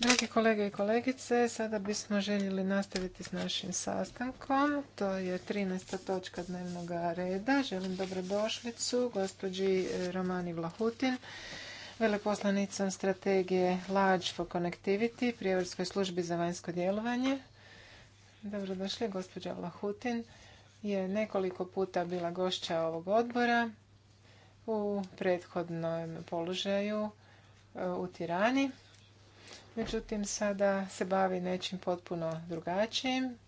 Dragi kolege i kolegice, sada bismo željeli nastaviti s našim sastankom. To je 13. točka dnevnog reda. Želim dobrodošlicu gospođi e, Romani Vlahutin, veleposlanicom strategije Large for Connectivity, prijevorskoj službi za vanjsko djelovanje. Dobrodošli, gospođa Vlahutin je nekoliko puta bila gošća ovog odbora u prethodnom položaju E, u Tirani. Međutim, sada se bavi nečim potpuno drugačijim.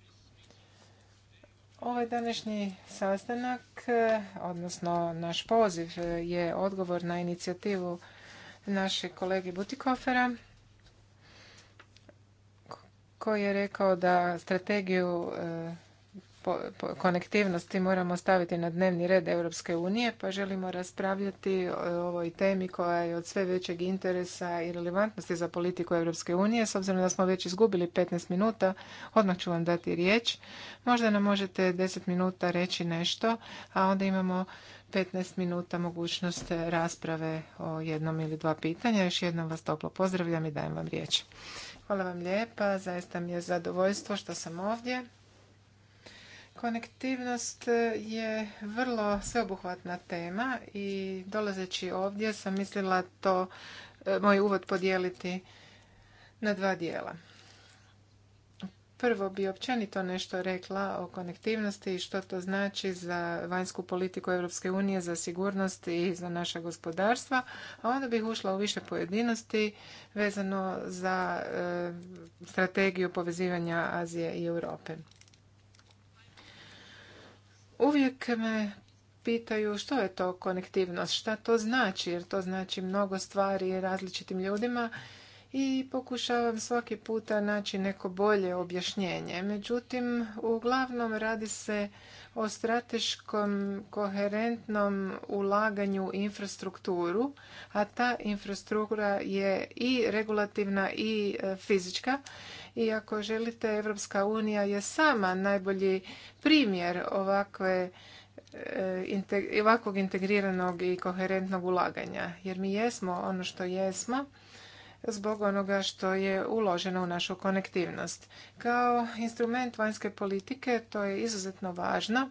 Ovaj današnji sastanak, e, odnosno naš poziv, e, je odgovor na inicijativu našeg kolege Butikofera, koji je rekao da strategiju konektivnosti moramo staviti na dnevni red Europske unije, pa želimo raspravljati o ovoj temi koja je od sve većeg interesa i relevantnosti za politiku Europske unije. S obzirom da smo već izgubili 15 minuta, odmah ću vam dati riječ. Možda nam možete 10 minuta reći nešto, a onda imamo 15 minuta mogućnost rasprave o jednom ili dva pitanja. Još jednom vas toplo pozdravljam i dajem vam riječ. Hvala vam lijepa, zaista mi je zadovoljstvo što sam ovdje. Konektivnost eh, je vrlo sveobuhvatna tema i dolazeći ovdje sam mislila to eh, moj uvod podijeliti na dva dijela. Prvo bi općenito nešto rekla o konektivnosti i što to znači za vanjsku politiku Europske unije, za sigurnost i za naša gospodarstva, a onda bih ušla u više pojedinosti vezano za eh, strategiju povezivanja Azije i Europe. Uvijek me pitaju što je to konektivnost, šta to znači, jer to znači mnogo stvari različitim ljudima i pokušavam svaki puta naći neko bolje objašnjenje. Međutim, uglavnom radi se o strateškom koherentnom ulaganju u infrastrukturu, a ta infrastruktura je i regulativna i e, fizička i ako želite Evropska unija je sama najbolji primjer ovakve e, ovakvog integriranog i koherentnog ulaganja jer mi jesmo ono što jesmo zbog onoga što je uloženo u našu konektivnost. Kao instrument vanjske politike to je izuzetno važno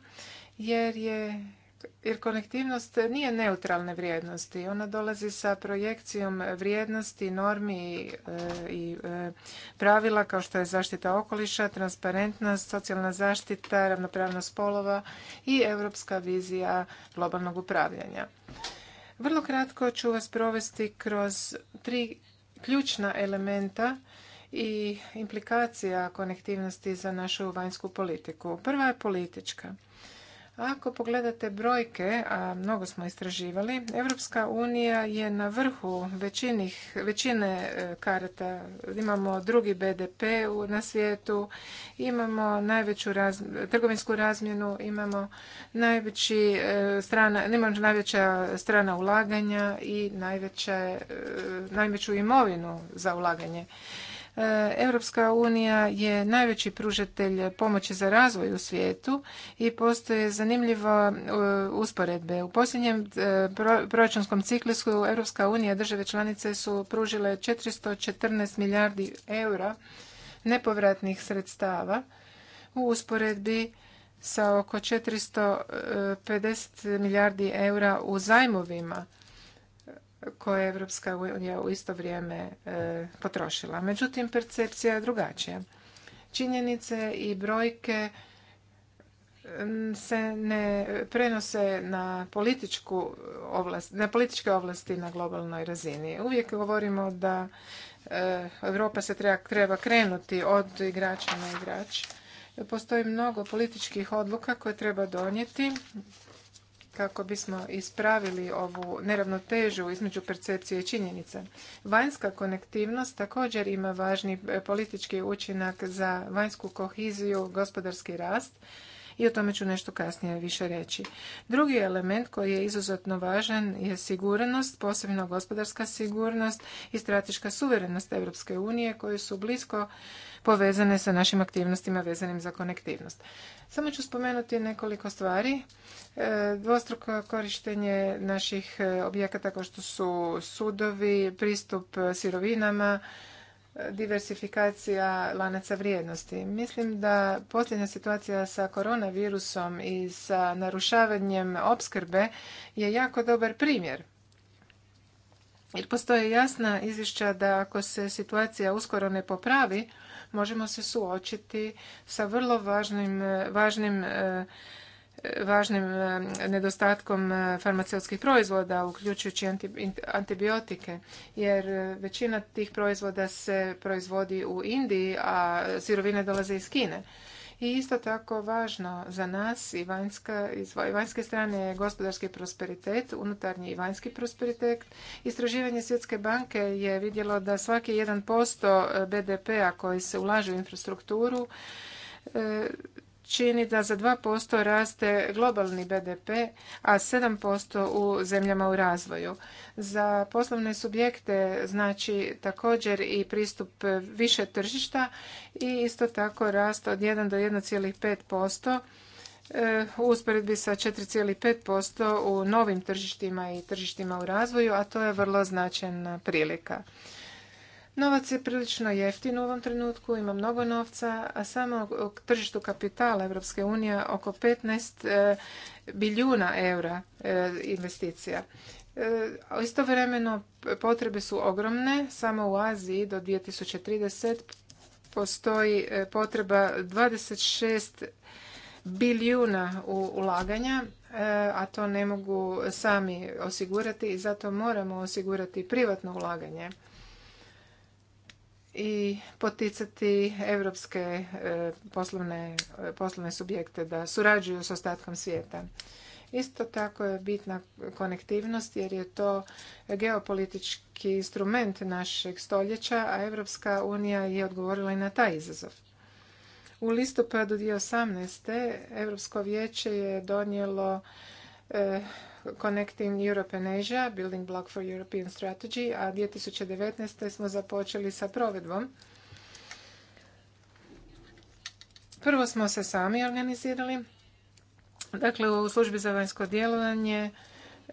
jer je jer konektivnost nije neutralne vrijednosti. Ona dolazi sa projekcijom vrijednosti, normi e, i e, pravila kao što je zaštita okoliša, transparentnost, socijalna zaštita, ravnopravnost spolova i europska vizija globalnog upravljanja. Vrlo kratko ću vas provesti kroz tri ključna elementa i implikacija konektivnosti za našu vanjsku politiku. Prva je politička. Ako pogledate brojke, a mnogo smo istraživali, Europska unija je na vrhu većinih, većine e, karata. Imamo drugi BDP na svijetu, imamo najveću trgovinsku razmjenu, imamo najveći e, strana, najveća strana ulaganja i najveća, e, najveću imovinu za ulaganje. E, Europska unija je najveći pružatelj pomoći za razvoj u svijetu i postoje zanimljivo e, usporedbe. U posljednjem e, proračunskom ciklusu Europska unija države članice su pružile 414 milijardi eura nepovratnih sredstava u usporedbi sa oko 450 milijardi eura u zajmovima koje je Evropska unija u isto vrijeme e, potrošila. Međutim, percepcija je drugačija. Činjenice i brojke se ne prenose na, političku ovlast, na političke ovlasti na globalnoj razini. Uvijek govorimo da Europa se treba, treba krenuti od igrača na igrač. Postoji mnogo političkih odluka koje treba donijeti kako bismo ispravili ovu neravnotežu između percepcije i činjenica. Vanjska konektivnost također ima važni e, politički učinak za vanjsku kohiziju, gospodarski rast, i o tome ću nešto kasnije više reći. Drugi element koji je izuzetno važan je sigurnost, posebno gospodarska sigurnost i strateška suverenost Europske unije koje su blisko povezane sa našim aktivnostima vezanim za konektivnost. Samo ću spomenuti nekoliko stvari. E, dvostruko korištenje naših e, objekata kao što su sudovi, pristup sirovinama, diversifikacija lanaca vrijednosti. Mislim da posljednja situacija sa koronavirusom i sa narušavanjem opskrbe je jako dobar primjer. Jer postoje jasna izvješća da ako se situacija uskoro ne popravi, možemo se suočiti sa vrlo važnim, važnim e, važnim eh, nedostatkom eh, farmaceutskih proizvoda, uključujući antibiotike, jer eh, većina tih proizvoda se proizvodi u Indiji, a sirovine dolaze iz Kine. I isto tako važno za nas i vanjske strane je gospodarski prosperitet, unutarnji i vanjski prosperitet. Istraživanje Svjetske banke je vidjelo da svaki 1% BDP-a koji se ulaže u infrastrukturu čini da za 2% raste globalni BDP, a 7% u zemljama u razvoju. Za poslovne subjekte znači također i pristup više tržišta i isto tako rast od 1 do 1,5% eh, u usporedbi sa 4,5% u novim tržištima i tržištima u razvoju, a to je vrlo značajna prilika. Novac je prilično jeftin u ovom trenutku, ima mnogo novca, a samo u tržištu kapitala Europske unije oko 15 e, biljuna eura e, investicija. E, istovremeno potrebe su ogromne, samo u Aziji do 2030 postoji potreba 26 bilijuna ulaganja, a to ne mogu sami osigurati i zato moramo osigurati privatno ulaganje i poticati europske e, poslovne, e, poslovne subjekte da surađuju s ostatkom svijeta. Isto tako je bitna konektivnost jer je to geopolitički instrument našeg stoljeća, a Europska unija je odgovorila i na taj izazov. U listopadu 2018. Europsko vijeće je donijelo e, Connecting Europe and Asia, Building Block for European Strategy, a 2019. smo započeli sa provedbom. Prvo smo se sami organizirali. Dakle, u službi za vanjsko djelovanje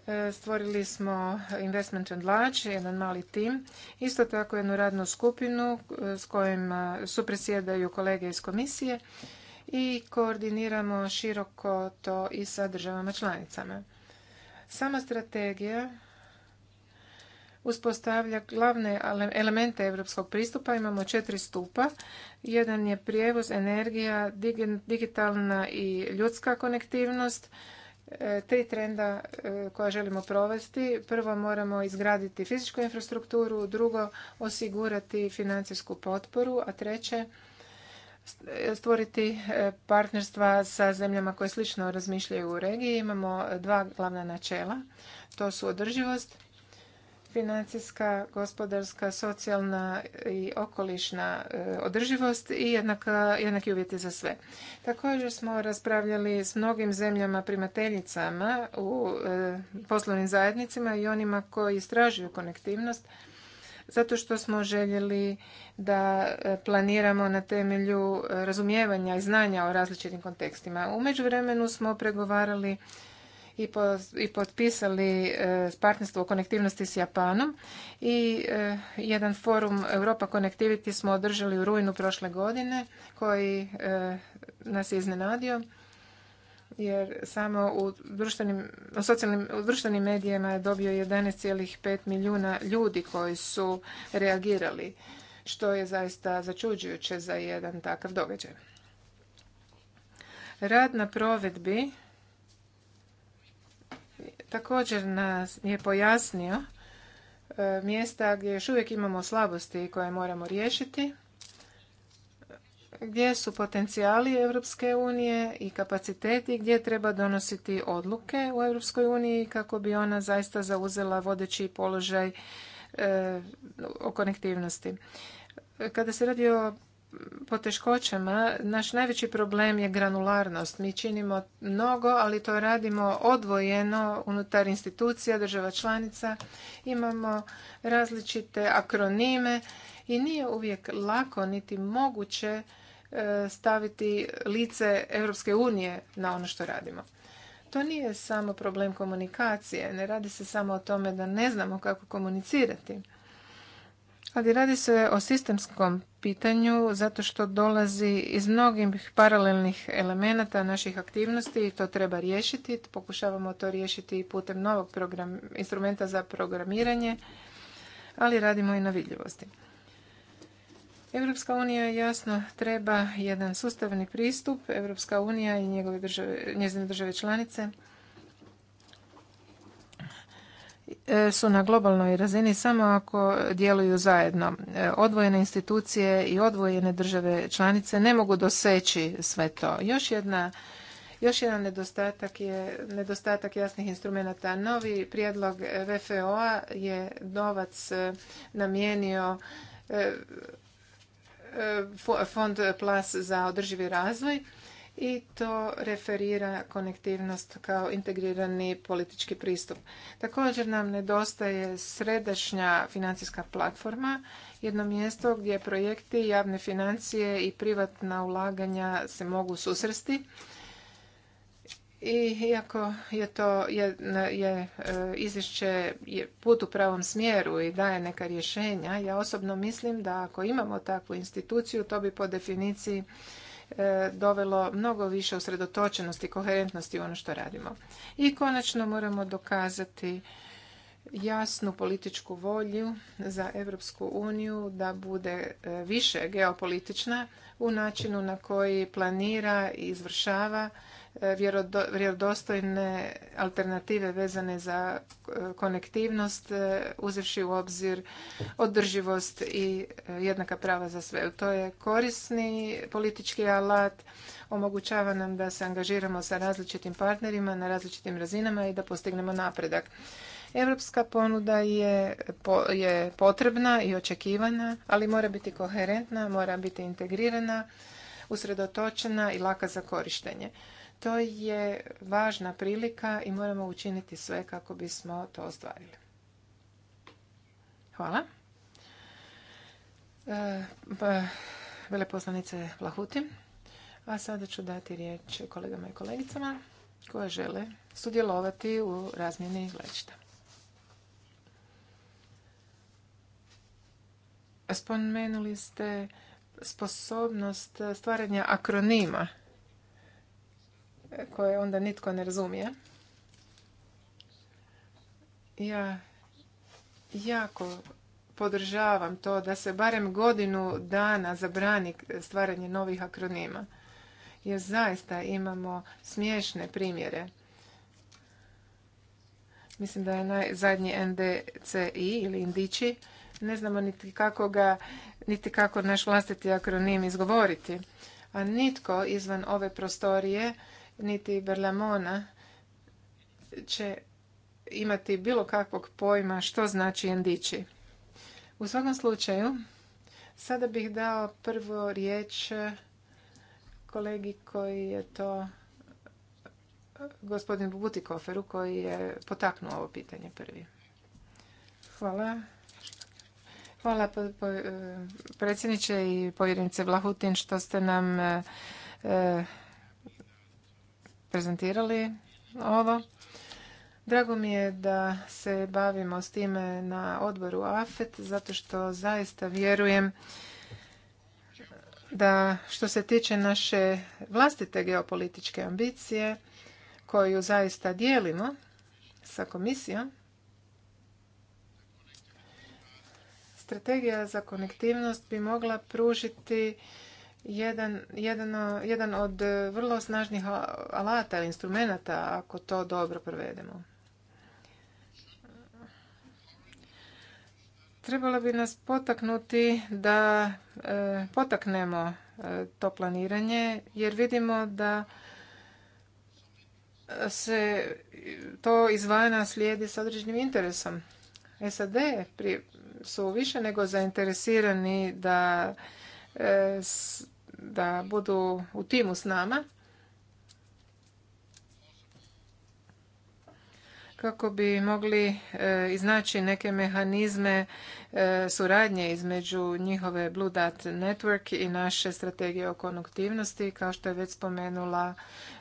e, stvorili smo Investment and Large, jedan mali tim. Isto tako jednu radnu skupinu e, s su presjedaju kolege iz komisije i koordiniramo široko to i sa državama članicama. Sama strategija uspostavlja glavne elemente europskog pristupa. Imamo četiri stupa. Jedan je prijevoz, energija, digitalna i ljudska konektivnost. E, tri trenda e, koja želimo provesti. Prvo moramo izgraditi fizičku infrastrukturu, drugo osigurati financijsku potporu, a treće stvoriti e, partnerstva sa zemljama koje slično razmišljaju u regiji. Imamo dva glavna načela. To su održivost, financijska, gospodarska, socijalna i okolišna e, održivost i jednaki uvjeti za sve. Također smo raspravljali s mnogim zemljama primateljicama u e, poslovnim zajednicima i onima koji istražuju konektivnost zato što smo željeli da e, planiramo na temelju e, razumijevanja i znanja o različitim kontekstima. U međuvremenu smo pregovarali i potpisali e, partnerstvo o konektivnosti s Japanom i jedan forum Europa Connectivity smo održali u rujnu prošle godine koji nas je iznenadio jer samo u društvenim, u medijima je dobio 11,5 milijuna ljudi koji su reagirali, što je zaista začuđujuće za jedan takav događaj. Rad na provedbi također nas je pojasnio e, mjesta gdje još uvijek imamo slabosti koje moramo riješiti gdje su potencijali Europske unije i kapaciteti gdje treba donositi odluke u Europskoj uniji kako bi ona zaista zauzela vodeći položaj e, o konektivnosti. Kada se radi o poteškoćama, naš najveći problem je granularnost. Mi činimo mnogo, ali to radimo odvojeno unutar institucija, država članica. Imamo različite akronime i nije uvijek lako niti moguće E, staviti lice Europske unije na ono što radimo. To nije samo problem komunikacije, ne radi se samo o tome da ne znamo kako komunicirati. Ali radi se o sistemskom pitanju zato što dolazi iz mnogih paralelnih elemenata naših aktivnosti i to treba riješiti. Pokušavamo to riješiti putem novog instrumenta za programiranje, ali radimo i na vidljivosti. Evropska unija jasno treba jedan sustavni pristup. Europska unija i njezine države članice e, su na globalnoj razini samo ako djeluju zajedno. E, odvojene institucije i odvojene države članice ne mogu doseći sve to. Još jedna još jedan nedostatak je nedostatak jasnih instrumenata. Novi prijedlog VFO-a je novac e, namijenio fond PLAS za održivi razvoj i to referira konektivnost kao integrirani politički pristup. Također nam nedostaje središnja financijska platforma, jedno mjesto gdje projekti, javne financije i privatna ulaganja se mogu susresti i iako je to je, je izvješće je put u pravom smjeru i daje neka rješenja, ja osobno mislim da ako imamo takvu instituciju, to bi po definiciji e, dovelo mnogo više usredotočenosti i koherentnosti u ono što radimo. I konačno moramo dokazati jasnu političku volju za Europsku uniju da bude e, više geopolitična u načinu na koji planira i izvršava vjerodostojne alternative vezane za e, konektivnost, e, uzevši u obzir održivost i e, jednaka prava za sve. To je korisni politički alat, omogućava nam da se angažiramo sa različitim partnerima na različitim razinama i da postignemo napredak. Europska ponuda je, je potrebna i očekivana, ali mora biti koherentna, mora biti integrirana, usredotočena i laka za korištenje. To je važna prilika i moramo učiniti sve kako bismo to ostvarili. Hvala. E, pa, veleposlanice Plahutin. A sada ću dati riječ kolegama i kolegicama koje žele sudjelovati u razmjeni gledišta. Spomenuli ste sposobnost stvaranja akronima koje onda nitko ne razumije. Ja jako podržavam to da se barem godinu dana zabrani stvaranje novih akronima. Jer zaista imamo smiješne primjere. Mislim da je najzadnji NDCI ili Indići. Ne znamo niti kako, ga, niti kako naš vlastiti akronim izgovoriti. A nitko izvan ove prostorije niti Berlamona će imati bilo kakvog pojma što znači endići. U svakom slučaju, sada bih dao prvo riječ kolegi koji je to gospodinu Butikoferu koji je potaknuo ovo pitanje prvi. Hvala. Hvala e, predsjedniče i povjerenice Vlahutin što ste nam e, prezentirali ovo. Drago mi je da se bavimo s time na odboru AFET, zato što zaista vjerujem da što se tiče naše vlastite geopolitičke ambicije, koju zaista dijelimo sa komisijom, strategija za konektivnost bi mogla pružiti jedan, jedan, jedan od e, vrlo snažnih alata ili instrumenta ako to dobro provedemo. Trebalo bi nas potaknuti da e, potaknemo e, to planiranje jer vidimo da se to izvana slijedi s određenim interesom. SAD su više nego zainteresirani da da budu u timu s nama kako bi mogli e, iznaći neke mehanizme e, suradnje između njihove Blue Dot Network i naše strategije o konuktivnosti. Kao što je već spomenula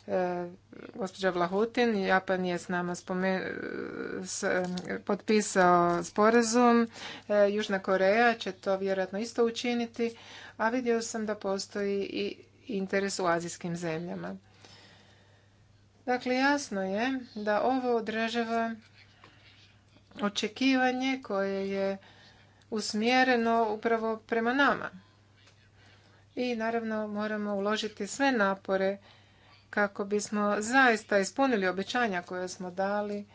e, gospođa Vlahutin, Japan je s nama spomen... potpisao sporazum. Južna Koreja će to vjerojatno isto učiniti, a vidio sam da postoji i interes u azijskim zemljama. Dakle, jasno je da ovo odražava očekivanje koje je usmjereno upravo prema nama. I naravno moramo uložiti sve napore kako bismo zaista ispunili obećanja koje smo dali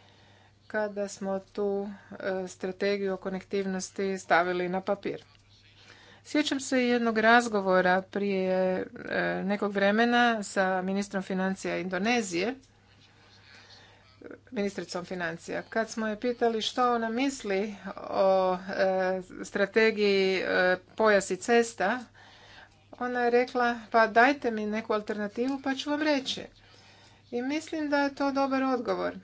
kada smo tu e, strategiju o konektivnosti stavili na papir. Sjećam se jednog razgovora prije e, nekog vremena sa ministrom financija Indonezije, ministricom financija, kad smo je pitali što ona misli o e, strategiji e, pojas i cesta, ona je rekla pa dajte mi neku alternativu pa ću vam reći. I mislim da je to dobar odgovor.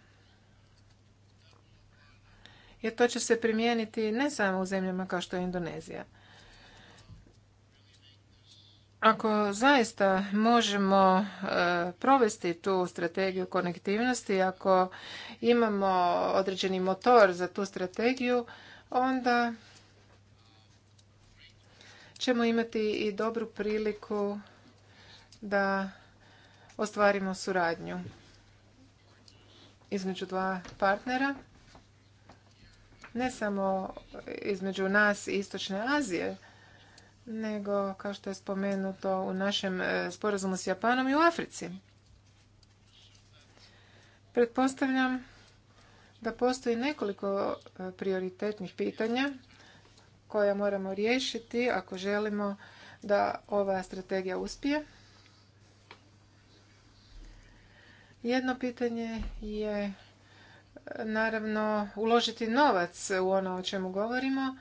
Jer to će se primijeniti ne samo u zemljama kao što je Indonezija ako zaista možemo e, provesti tu strategiju konektivnosti, ako imamo određeni motor za tu strategiju, onda ćemo imati i dobru priliku da ostvarimo suradnju između dva partnera, ne samo između nas i Istočne Azije, nego kao što je spomenuto u našem e, sporazumu s Japanom i u Africi. Pretpostavljam da postoji nekoliko e, prioritetnih pitanja koja moramo riješiti ako želimo da ova strategija uspije. Jedno pitanje je e, naravno uložiti novac u ono o čemu govorimo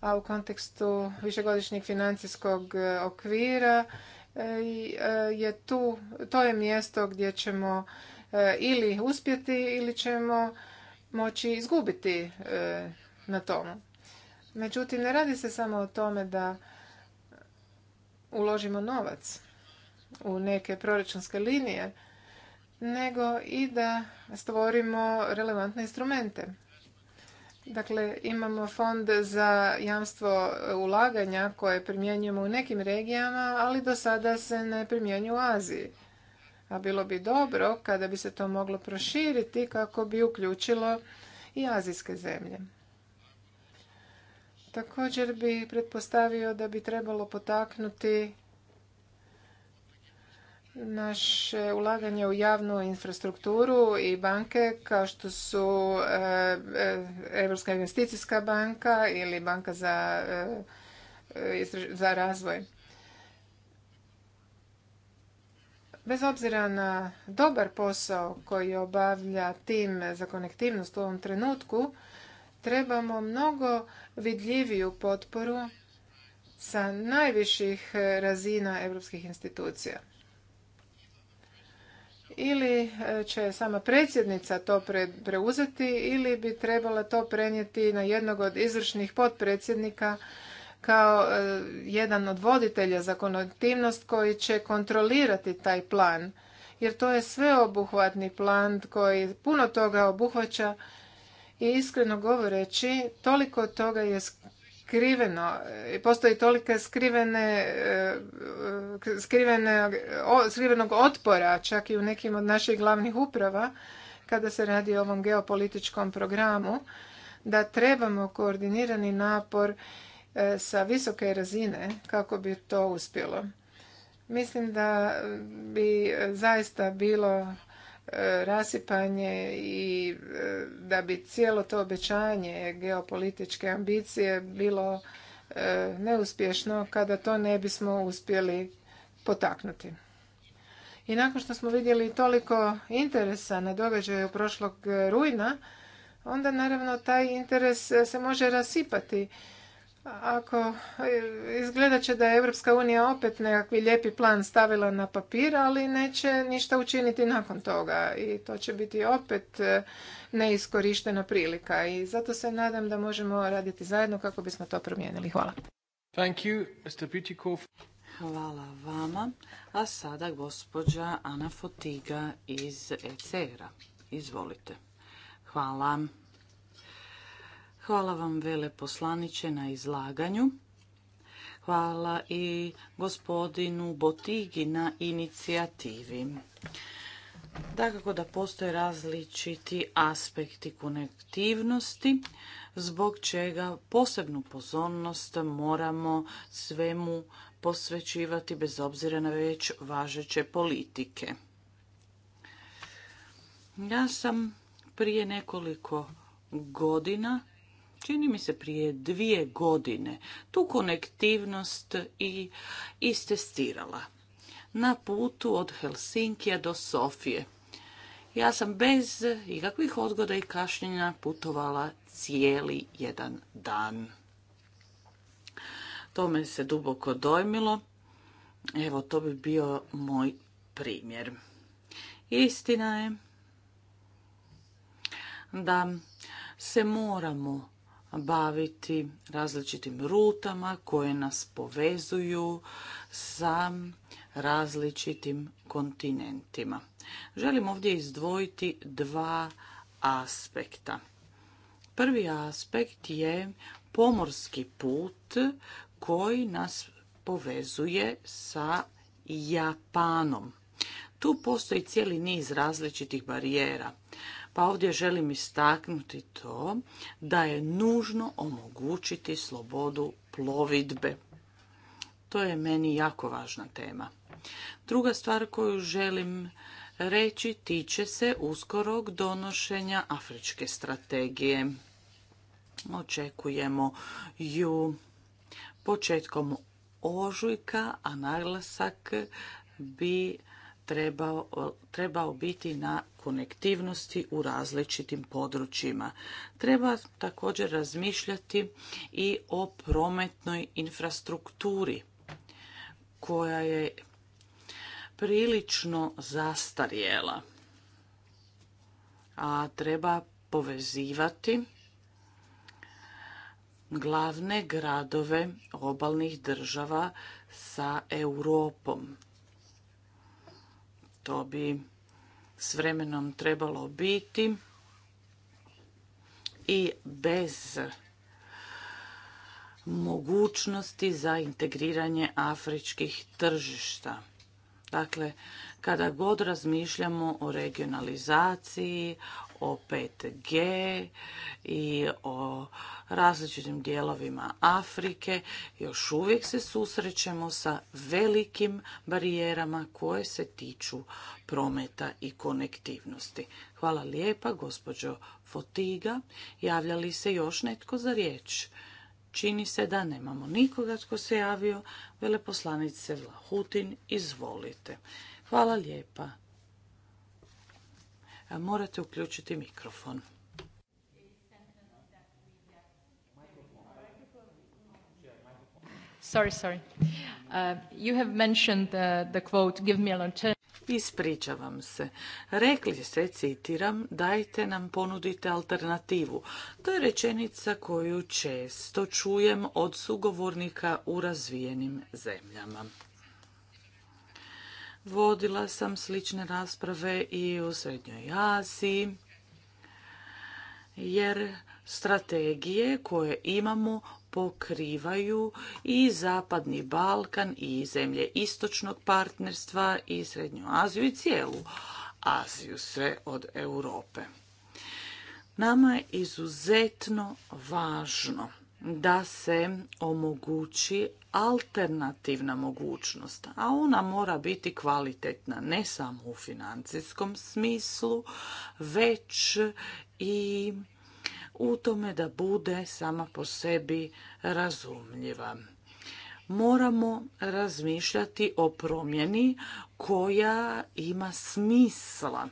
a u kontekstu višegodišnjeg financijskog e, okvira e, e, je tu, to je mjesto gdje ćemo ili uspjeti ili ćemo moći izgubiti na tomu. Međutim, ne radi se samo o tome da uložimo novac u neke proračunske linije, nego i da stvorimo relevantne instrumente. Dakle, imamo fond za jamstvo ulaganja koje primjenjujemo u nekim regijama, ali do sada se ne primjenjuju u Aziji. A bilo bi dobro kada bi se to moglo proširiti kako bi uključilo i azijske zemlje. Također bi pretpostavio da bi trebalo potaknuti Naše ulaganje u javnu infrastrukturu i banke kao što su Europska e, investicijska banka ili banka za, e, za razvoj. Bez obzira na dobar posao koji obavlja tim za konektivnost u ovom trenutku, trebamo mnogo vidljiviju potporu sa najviših razina europskih institucija ili e, će sama predsjednica to preuzeti ili bi trebala to prenijeti na jednog od izvršnih potpredsjednika kao e, jedan od voditelja za koji će kontrolirati taj plan. Jer to je sveobuhvatni plan koji puno toga obuhvaća i iskreno govoreći toliko toga je skriveno, postoji tolika skrivene, e, e, skrivene, skrivenog otpora čak i u nekim od naših glavnih uprava kada se radi o ovom geopolitičkom programu da trebamo koordinirani napor e, sa visoke razine kako bi to uspjelo. Mislim da bi zaista bilo E, rasipanje i e, da bi cijelo to obećanje geopolitičke ambicije bilo e, neuspješno kada to ne bismo uspjeli potaknuti. I nakon što smo vidjeli toliko interesa na događaju prošlog rujna, onda naravno taj interes se može rasipati ako e, izgleda će da je Europska unija opet nekakvi lijepi plan stavila na papir, ali neće ništa učiniti nakon toga i to će biti opet e, neiskorištena prilika i zato se nadam da možemo raditi zajedno kako bismo to promijenili. Hvala. Hvala vama. A sada gospođa Ana Fotiga iz ECR-a. Izvolite. Hvala. Hvala vam poslaniće, na izlaganju. Hvala i gospodinu Botigi na inicijativi. Dakako da postoje različiti aspekti konektivnosti, zbog čega posebnu pozornost moramo svemu posvećivati bez obzira na već važeće politike. Ja sam prije nekoliko godina čini mi se prije dvije godine, tu konektivnost i istestirala na putu od Helsinkija do Sofije. Ja sam bez ikakvih odgoda i kašnjenja putovala cijeli jedan dan. To me se duboko dojmilo. Evo, to bi bio moj primjer. Istina je da se moramo baviti različitim rutama koje nas povezuju sa različitim kontinentima. Želim ovdje izdvojiti dva aspekta. Prvi aspekt je pomorski put koji nas povezuje sa Japanom. Tu postoji cijeli niz različitih barijera. Pa ovdje želim istaknuti to da je nužno omogućiti slobodu plovidbe. To je meni jako važna tema. Druga stvar koju želim reći tiče se uskorog donošenja afričke strategije. Očekujemo ju početkom ožujka, a naglasak bi trebao, trebao biti na konektivnosti u različitim područjima. Treba također razmišljati i o prometnoj infrastrukturi koja je prilično zastarjela. A treba povezivati glavne gradove obalnih država sa Europom to bi s vremenom trebalo biti i bez mogućnosti za integriranje afričkih tržišta. Dakle, kada god razmišljamo o regionalizaciji, o 5G i o različitim dijelovima Afrike, još uvijek se susrećemo sa velikim barijerama koje se tiču prometa i konektivnosti. Hvala lijepa, gospođo Fotiga. Javlja li se još netko za riječ? Čini se da nemamo nikoga tko se javio. Veleposlanice Vlahutin, izvolite. Hvala lijepa. Morate uključiti mikrofon. Sorry, sorry. Uh, you have mentioned the, the quote, give me Ispričavam se. Rekli ste, citiram, dajte nam ponudite alternativu. To je rečenica koju često čujem od sugovornika u razvijenim zemljama. Vodila sam slične rasprave i u Srednjoj Aziji, jer strategije koje imamo pokrivaju i Zapadni Balkan i zemlje istočnog partnerstva i Srednju Aziju i cijelu Aziju, sve od Europe. Nama je izuzetno važno da se omogući alternativna mogućnost, a ona mora biti kvalitetna ne samo u financijskom smislu, već i u tome da bude sama po sebi razumljiva. Moramo razmišljati o promjeni koja ima smisla.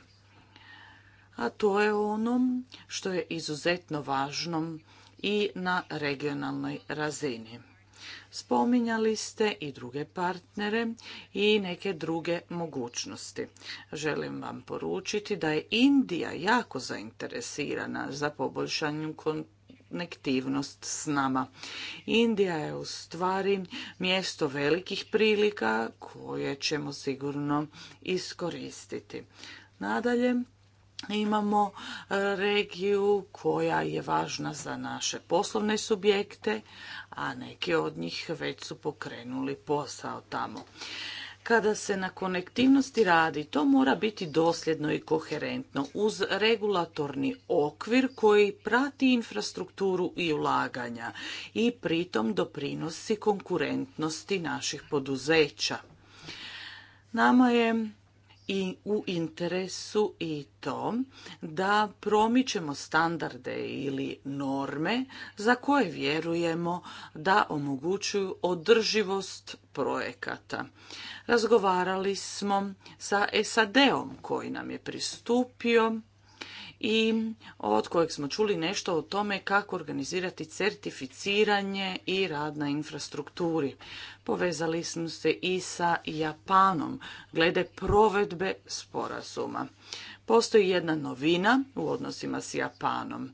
A to je ono što je izuzetno važno i na regionalnoj razini. Spominjali ste i druge partnere i neke druge mogućnosti. Želim vam poručiti da je Indija jako zainteresirana za poboljšanju konektivnost s nama. Indija je u stvari mjesto velikih prilika koje ćemo sigurno iskoristiti. Nadalje, Imamo e, regiju koja je važna za naše poslovne subjekte, a neke od njih već su pokrenuli posao tamo. Kada se na konektivnosti radi, to mora biti dosljedno i koherentno uz regulatorni okvir koji prati infrastrukturu i ulaganja i pritom doprinosi konkurentnosti naših poduzeća. Nama je i u interesu i to da promičemo standarde ili norme za koje vjerujemo da omogućuju održivost projekata. Razgovarali smo sa SAD-om koji nam je pristupio i od kojeg smo čuli nešto o tome kako organizirati certificiranje i rad na infrastrukturi. Povezali smo se i sa Japanom glede provedbe sporazuma. Postoji jedna novina u odnosima s Japanom.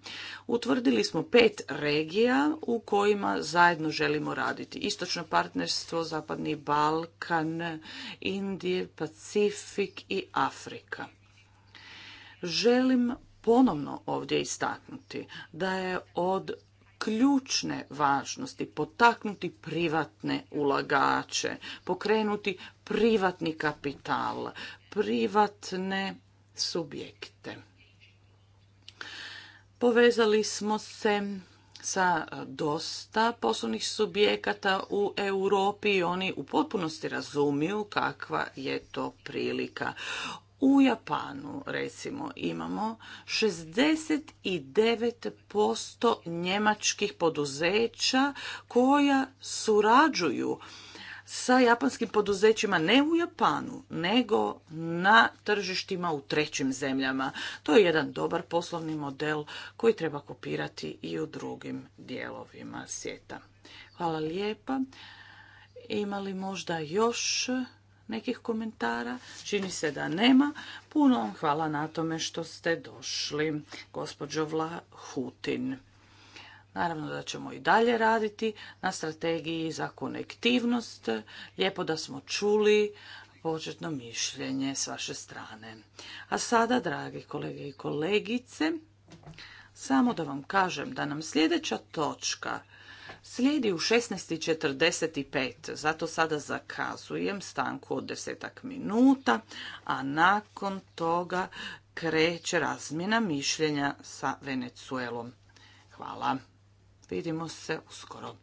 Utvrdili smo pet regija u kojima zajedno želimo raditi. Istočno partnerstvo, Zapadni Balkan, Indije, Pacifik i Afrika želim ponovno ovdje istaknuti da je od ključne važnosti potaknuti privatne ulagače, pokrenuti privatni kapital, privatne subjekte. Povezali smo se sa dosta poslovnih subjekata u Europi i oni u potpunosti razumiju kakva je to prilika. U Japanu, recimo, imamo 69% njemačkih poduzeća koja surađuju sa japanskim poduzećima ne u Japanu, nego na tržištima u trećim zemljama. To je jedan dobar poslovni model koji treba kopirati i u drugim dijelovima svijeta. Hvala lijepa. Ima li možda još nekih komentara? Čini se da nema. Puno vam hvala na tome što ste došli, gospođo Vlahutin. Naravno da ćemo i dalje raditi na strategiji za konektivnost. Lijepo da smo čuli početno mišljenje s vaše strane. A sada, dragi kolege i kolegice, samo da vam kažem da nam sljedeća točka slijedi u 16.45. Zato sada zakazujem stanku od desetak minuta, a nakon toga kreće razmjena mišljenja sa Venecuelom. Hvala. Vidimo se uskoro.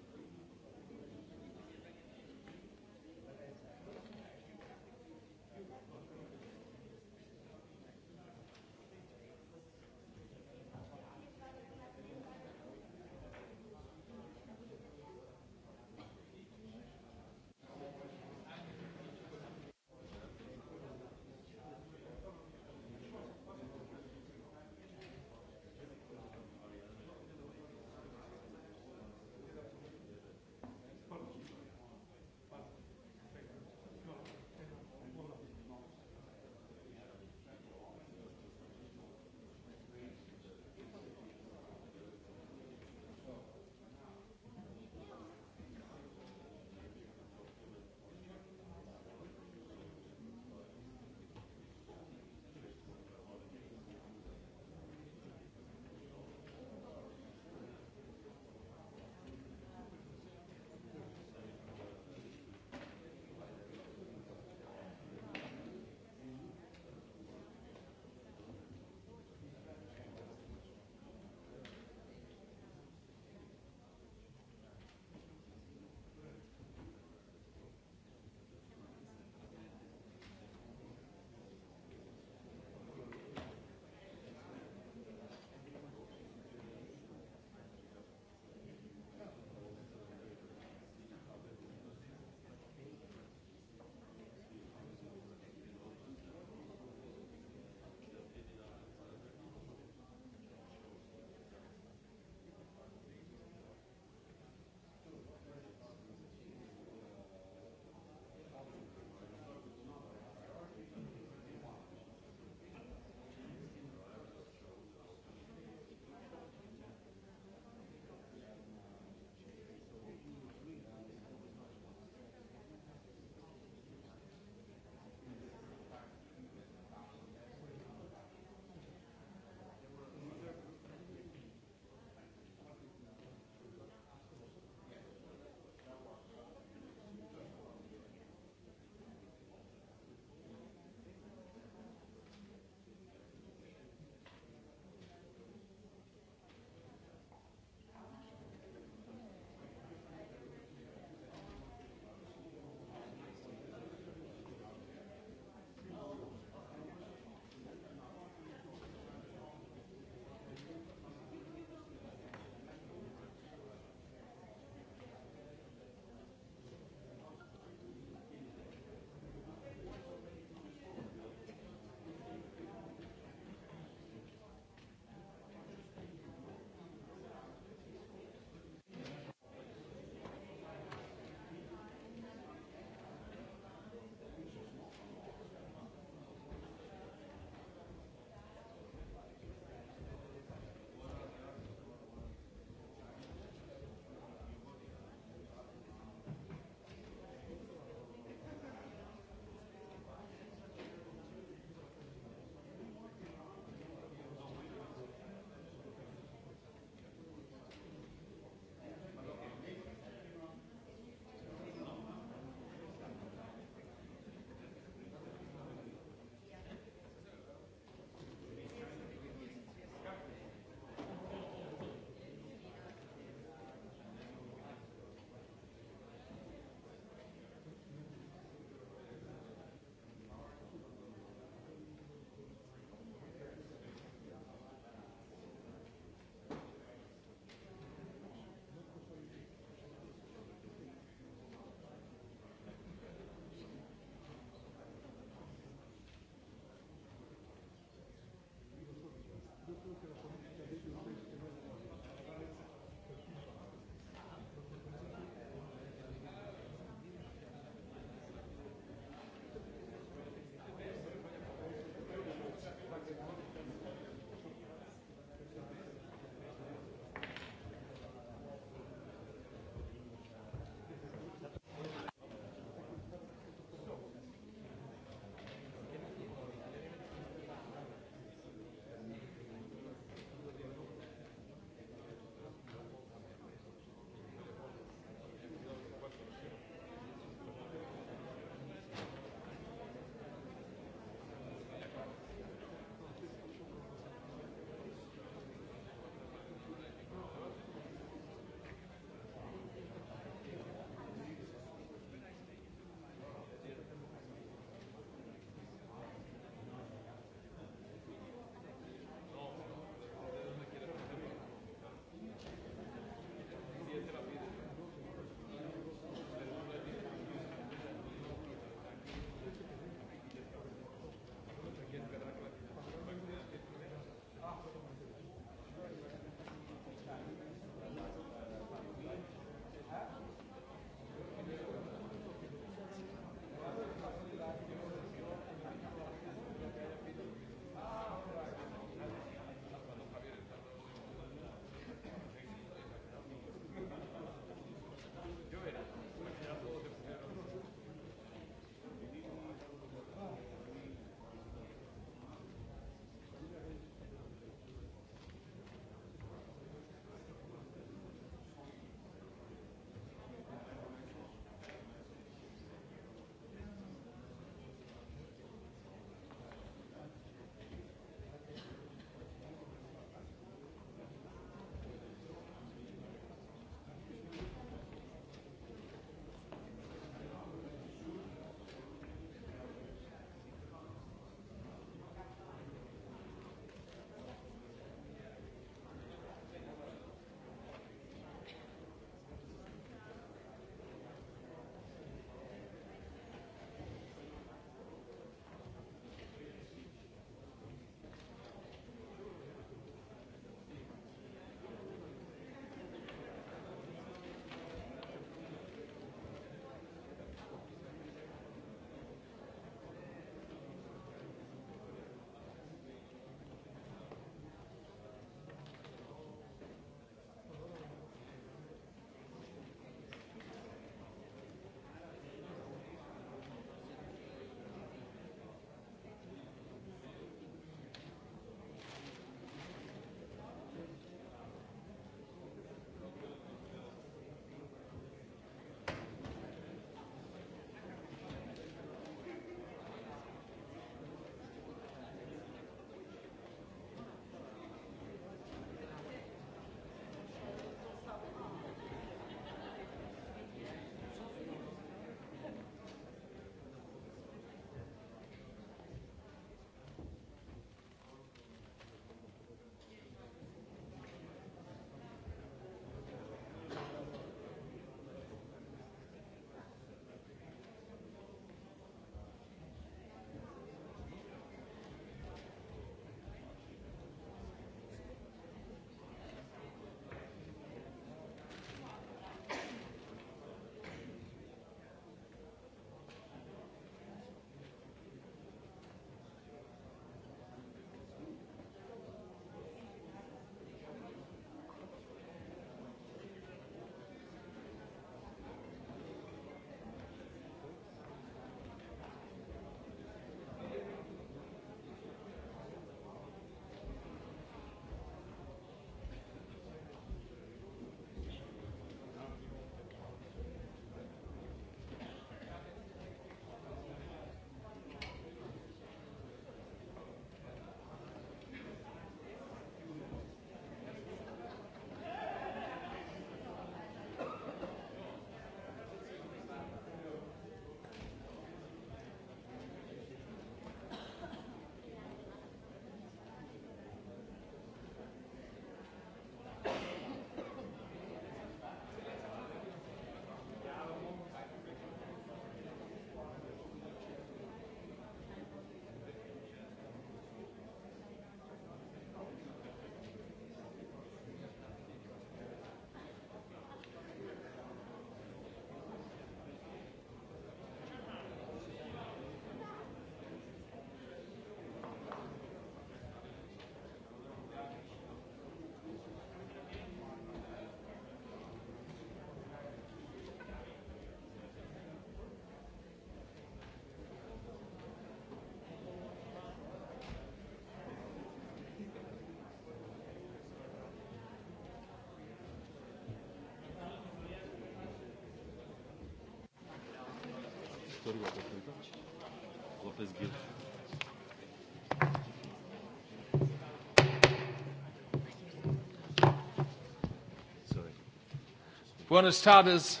Buenas tardes,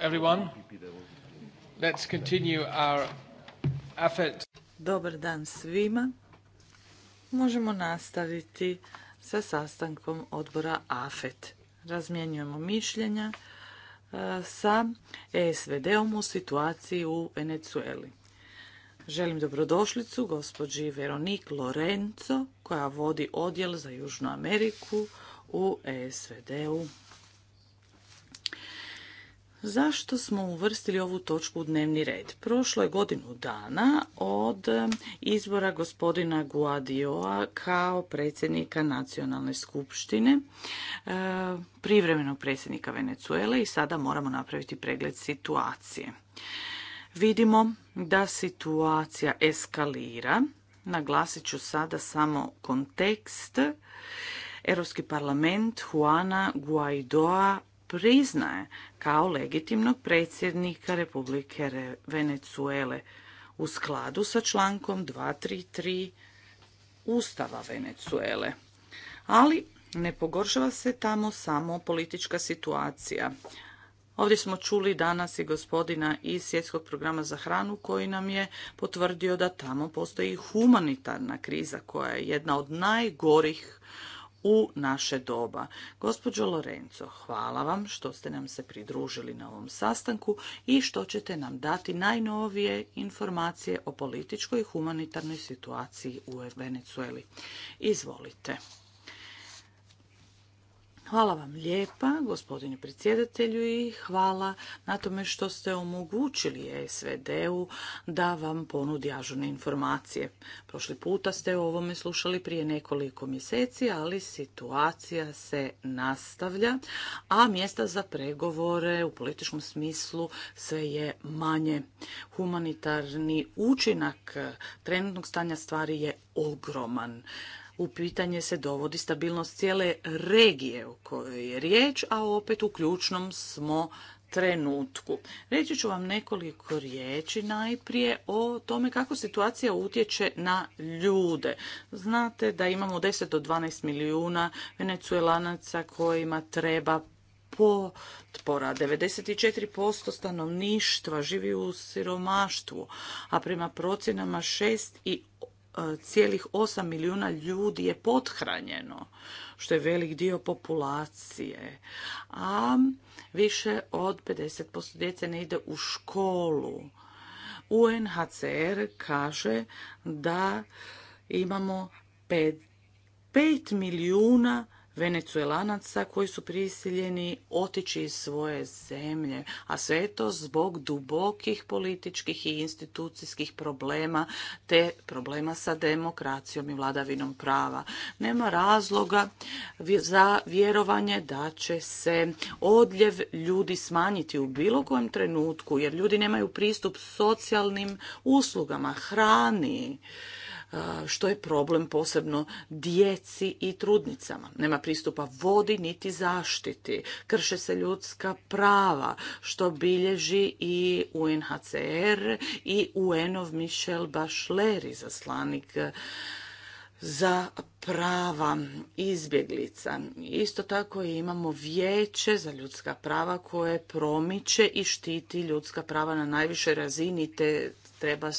everyone. Let's continue our effort. Dobar dan svima. Možemo nastaviti sa sastankom odbora AFET. Razmjenjujemo mišljenja sa SVD-om u situaciji u Venezueli. Želim dobrodošlicu gospođi Veronique Lorenzo koja vodi odjel za Južnu Ameriku u SVD-u zašto smo uvrstili ovu točku u dnevni red. Prošlo je godinu dana od eh, izbora gospodina Guadioa kao predsjednika nacionalne skupštine, eh, privremenog predsjednika Venecuele i sada moramo napraviti pregled situacije. Vidimo da situacija eskalira. Naglasit ću sada samo kontekst. Europski parlament Juana Guaidoa priznaje kao legitimnog predsjednika Republike Venecuele u skladu sa člankom 233 Ustava Venecuele. Ali ne pogoršava se tamo samo politička situacija. Ovdje smo čuli danas i gospodina iz Svjetskog programa za hranu koji nam je potvrdio da tamo postoji humanitarna kriza koja je jedna od najgorih u naše doba. Gospođo Lorenzo, hvala vam što ste nam se pridružili na ovom sastanku i što ćete nam dati najnovije informacije o političkoj i humanitarnoj situaciji u Venezueli. Izvolite. Hvala vam lijepa, gospodine predsjedatelju, i hvala na tome što ste omogućili SVD-u da vam ponudi ažurne informacije. Prošli puta ste o ovome slušali prije nekoliko mjeseci, ali situacija se nastavlja, a mjesta za pregovore u političkom smislu sve je manje. Humanitarni učinak trenutnog stanja stvari je ogroman u pitanje se dovodi stabilnost cijele regije o kojoj je riječ, a opet u ključnom smo trenutku. Reći ću vam nekoliko riječi najprije o tome kako situacija utječe na ljude. Znate da imamo 10 do 12 milijuna venecuelanaca kojima treba potpora. 94% stanovništva živi u siromaštvu, a prema procjenama 6 i cijelih 8 milijuna ljudi je pothranjeno, što je velik dio populacije. A više od 50% djece ne ide u školu. UNHCR kaže da imamo 5 milijuna venecuelanaca koji su prisiljeni otići iz svoje zemlje, a sve to zbog dubokih političkih i institucijskih problema te problema sa demokracijom i vladavinom prava. Nema razloga za vjerovanje da će se odljev ljudi smanjiti u bilo kojem trenutku jer ljudi nemaju pristup socijalnim uslugama, hrani, što je problem posebno djeci i trudnicama. Nema pristupa vodi niti zaštiti. Krše se ljudska prava što bilježi i UNHCR i UNOV michel Michel Bachelet, zaslanik za prava izbjeglica. Isto tako imamo vijeće za ljudska prava koje promiče i štiti ljudska prava na najvišoj razini te treba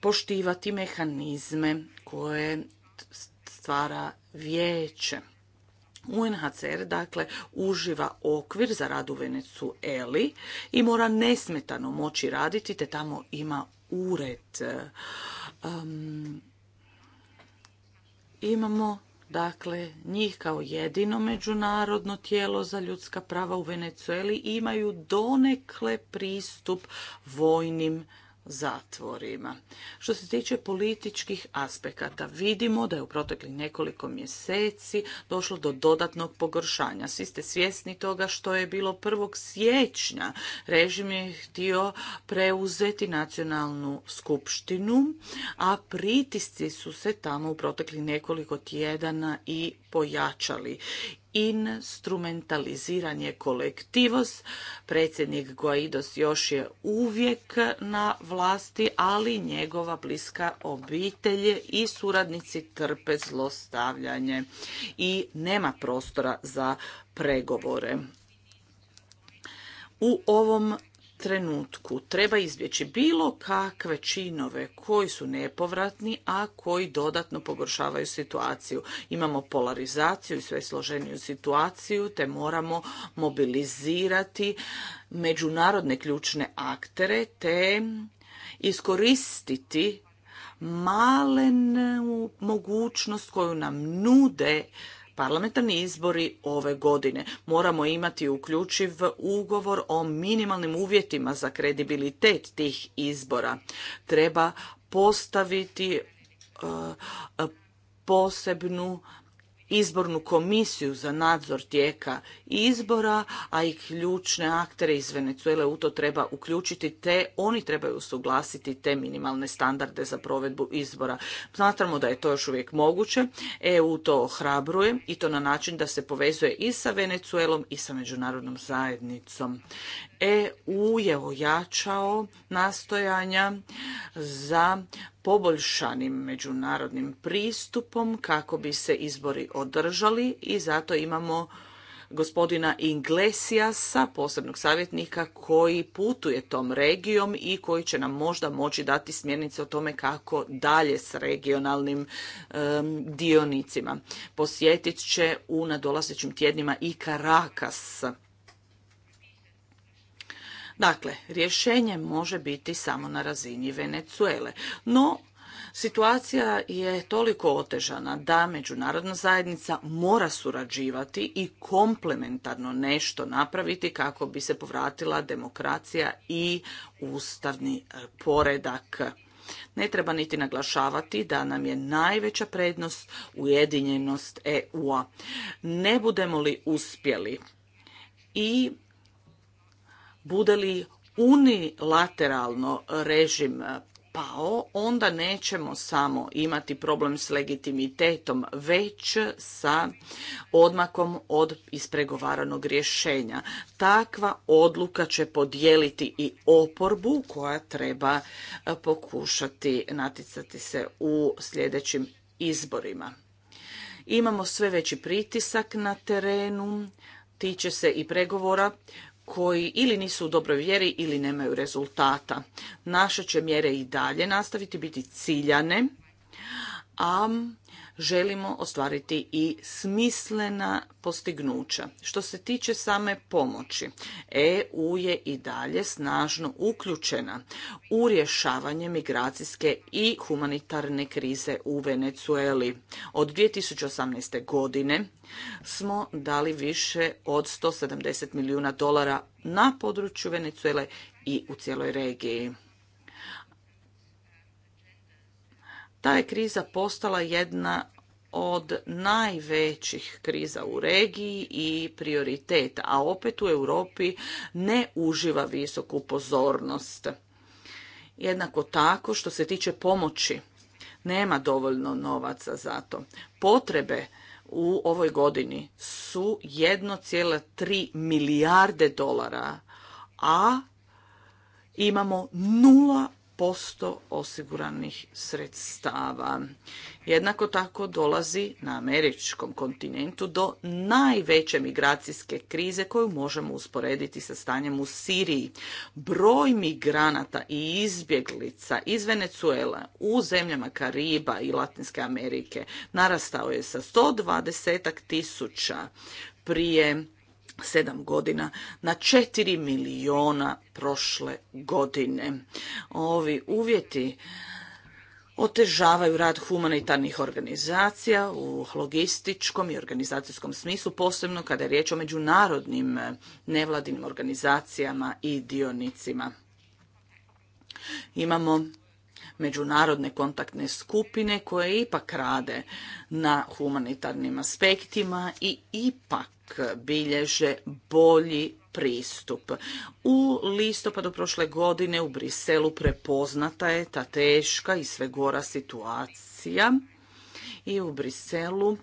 poštivati mehanizme koje stvara vijeće. UNHCR dakle uživa okvir za rad u Venecueli i mora nesmetano moći raditi te tamo ima ured. imamo dakle njih kao jedino međunarodno tijelo za ljudska prava u Venecueli imaju donekle pristup vojnim zatvorima. Što se tiče političkih aspekata, vidimo da je u proteklih nekoliko mjeseci došlo do dodatnog pogoršanja. Svi ste svjesni toga što je bilo 1. siječnja. Režim je htio preuzeti nacionalnu skupštinu, a pritisci su se tamo u proteklih nekoliko tjedana i pojačali instrumentaliziran je kolektivos. Predsjednik Guaidos još je uvijek na vlasti, ali njegova bliska obitelj i suradnici trpe zlostavljanje i nema prostora za pregovore. U ovom trenutku treba izbjeći bilo kakve činove koji su nepovratni, a koji dodatno pogoršavaju situaciju. Imamo polarizaciju i sve složeniju situaciju, te moramo mobilizirati međunarodne ključne aktere, te iskoristiti malenu mogućnost koju nam nude parlamentarni izbori ove godine. Moramo imati uključiv ugovor o minimalnim uvjetima za kredibilitet tih izbora. Treba postaviti e, e, posebnu izbornu komisiju za nadzor tijeka izbora, a i ključne aktere iz Venezuele u to treba uključiti, te oni trebaju usuglasiti te minimalne standarde za provedbu izbora. Smatramo da je to još uvijek moguće. EU to ohrabruje i to na način da se povezuje i sa Venecuelom i sa međunarodnom zajednicom. EU je ojačao nastojanja za poboljšanim međunarodnim pristupom kako bi se izbori održali i zato imamo gospodina Inglesiasa, posebnog savjetnika koji putuje tom regijom i koji će nam možda moći dati smjernice o tome kako dalje s regionalnim dionicima. Posjetit će u nadolazećim tjednima i Karakas Dakle, rješenje može biti samo na razini Venecuele, no Situacija je toliko otežana da međunarodna zajednica mora surađivati i komplementarno nešto napraviti kako bi se povratila demokracija i ustavni e, poredak. Ne treba niti naglašavati da nam je najveća prednost ujedinjenost EU-a. Ne budemo li uspjeli i bude li unilateralno režim eh, pao, onda nećemo samo imati problem s legitimitetom, već sa odmakom od ispregovaranog rješenja. Takva odluka će podijeliti i oporbu koja treba eh, pokušati naticati se u sljedećim izborima. Imamo sve veći pritisak na terenu, tiče se i pregovora koji ili nisu u dobroj vjeri ili nemaju rezultata. Naše će mjere i dalje nastaviti biti ciljane, a želimo ostvariti i smislena postignuća. Što se tiče same pomoći, EU je i dalje snažno uključena u rješavanje migracijske i humanitarne krize u Venecueli. Od 2018. godine smo dali više od 170 milijuna dolara na području Venecuele i u cijeloj regiji. ta je kriza postala jedna od najvećih kriza u regiji i prioriteta, a opet u Europi ne uživa visoku pozornost. Jednako tako što se tiče pomoći, nema dovoljno novaca za to. Potrebe u ovoj godini su 1,3 milijarde dolara, a imamo nula posto osiguranih sredstava. Jednako tako dolazi na američkom kontinentu do najveće migracijske krize koju možemo usporediti sa stanjem u Siriji. Broj migranata i izbjeglica iz Venezuela u zemljama Kariba i Latinske Amerike narastao je sa 120 tisuća prije sedam godina na četiri milijuna prošle godine. Ovi uvjeti otežavaju rad humanitarnih organizacija u logističkom i organizacijskom smislu, posebno kada je riječ o međunarodnim eh, nevladinim organizacijama i dionicima. Imamo međunarodne kontaktne skupine koje ipak rade na humanitarnim aspektima i ipak bilježe bolji pristup. U listopadu prošle godine u Briselu prepoznata je ta teška i sve gora situacija i u Briselu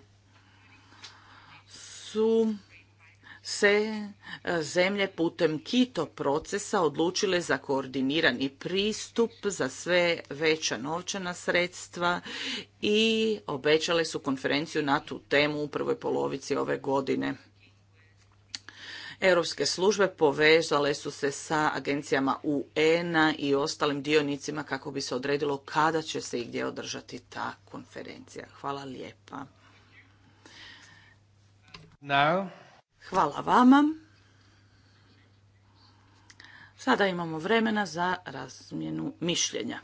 su se e, zemlje putem Kito procesa odlučile za koordinirani pristup za sve veća novčana sredstva i obećale su konferenciju na tu temu u prvoj polovici ove godine. Europske službe povezale su se sa agencijama UN-a i ostalim dionicima kako bi se odredilo kada će se i gdje održati ta konferencija. Hvala lijepa. Hvala vama. Sada imamo vremena za razmjenu mišljenja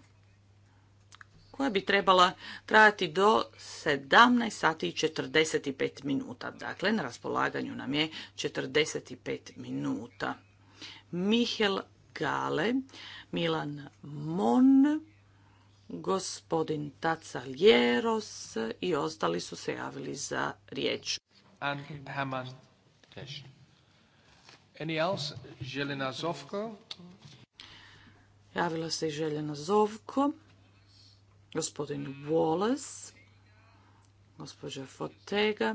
koja bi trebala trajati do 17 sati i 45 minuta. Dakle, na raspolaganju nam je 45 minuta. Mihel Gale, Milan Mon, gospodin Ljeros i ostali su se javili za riječ. Željena Zovko. Javila se i Željena Zovko gospodin Wallace, gospođa Fotega,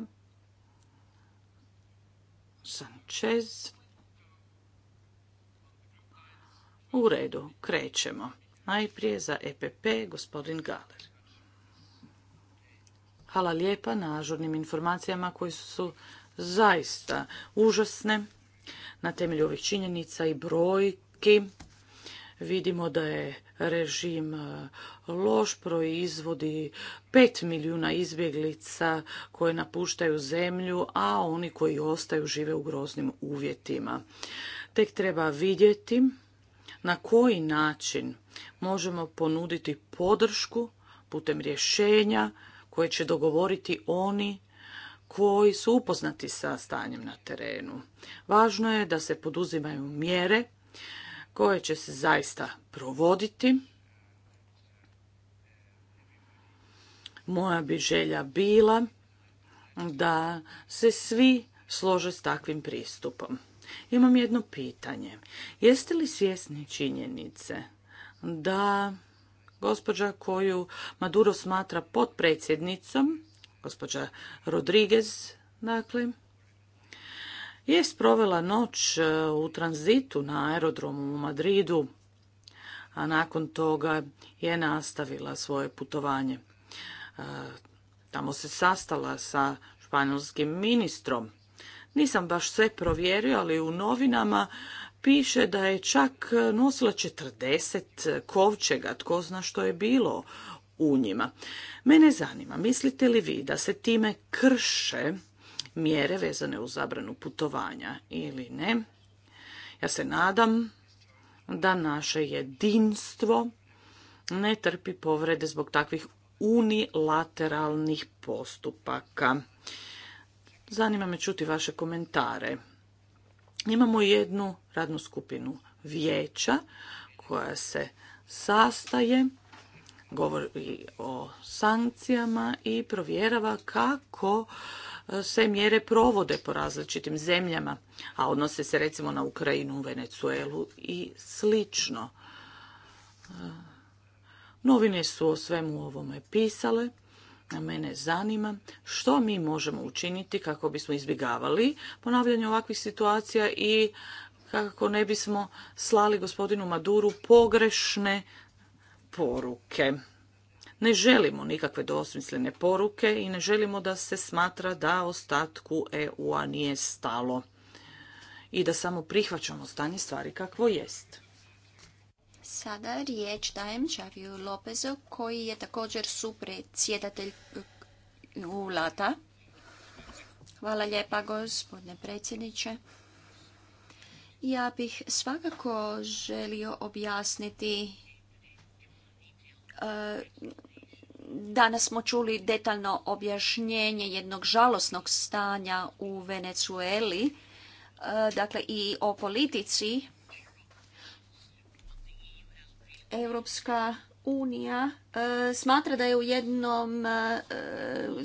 Sanchez. U redu, krećemo. Najprije za EPP, gospodin Galer. Hvala lijepa na ažurnim informacijama koji su zaista užasne na temelju ovih činjenica i brojki Vidimo da je režim e, loš, proizvodi 5 milijuna izbjeglica koje napuštaju zemlju, a oni koji ostaju žive u groznim uvjetima. Tek treba vidjeti na koji način možemo ponuditi podršku putem rješenja koje će dogovoriti oni koji su upoznati sa stanjem na terenu. Važno je da se poduzimaju mjere koje će se zaista provoditi. Moja bi želja bila da se svi slože s takvim pristupom. Imam jedno pitanje. Jeste li svjesni činjenice da gospođa koju Maduro smatra potpredsjednicom, gospođa Rodriguez, dakle, je provela noć e, u tranzitu na aerodromu u Madridu, a nakon toga je nastavila svoje putovanje. E, tamo se sastala sa španjolskim ministrom. Nisam baš sve provjerio, ali u novinama piše da je čak nosila 40 kovčega, tko zna što je bilo u njima. Mene zanima, mislite li vi da se time krše mjere vezane uz zabranu putovanja ili ne. Ja se nadam da naše jedinstvo ne trpi povrede zbog takvih unilateralnih postupaka. Zanima me čuti vaše komentare. Imamo jednu radnu skupinu vijeća koja se sastaje, govori o sankcijama i provjerava kako se mjere provode po različitim zemljama, a odnose se recimo na Ukrajinu, Venecuelu i slično. Novine su o svemu ovome pisale. A mene zanima što mi možemo učiniti kako bismo izbjegavali ponavljanje ovakvih situacija i kako ne bismo slali gospodinu Maduru pogrešne poruke. Ne želimo nikakve dosmislene poruke i ne želimo da se smatra da ostatku EU-a nije stalo i da samo prihvaćamo stanje stvari kakvo jest. Sada riječ dajem Čaviju Lopezu koji je također supredsjedatelj eh, ULATA. Hvala lijepa gospodine predsjedniče. Ja bih svakako želio objasniti eh, Danas smo čuli detaljno objašnjenje jednog žalosnog stanja u Venezueli, e, dakle i o politici Europska unija e, smatra da je u jednom e,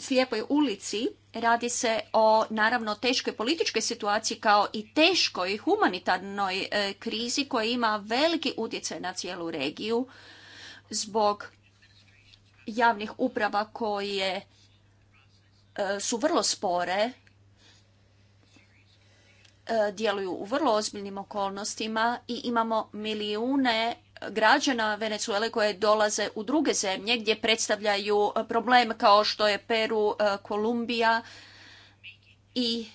slijepoj ulici. Radi se o naravno teškoj političkoj situaciji kao i teškoj humanitarnoj krizi koja ima veliki utjecaj na cijelu regiju zbog javnih uprava koje e, su vrlo spore, e, djeluju u vrlo ozbiljnim okolnostima i imamo milijune građana Venezuele koje dolaze u druge zemlje gdje predstavljaju problem kao što je Peru, e, Kolumbija i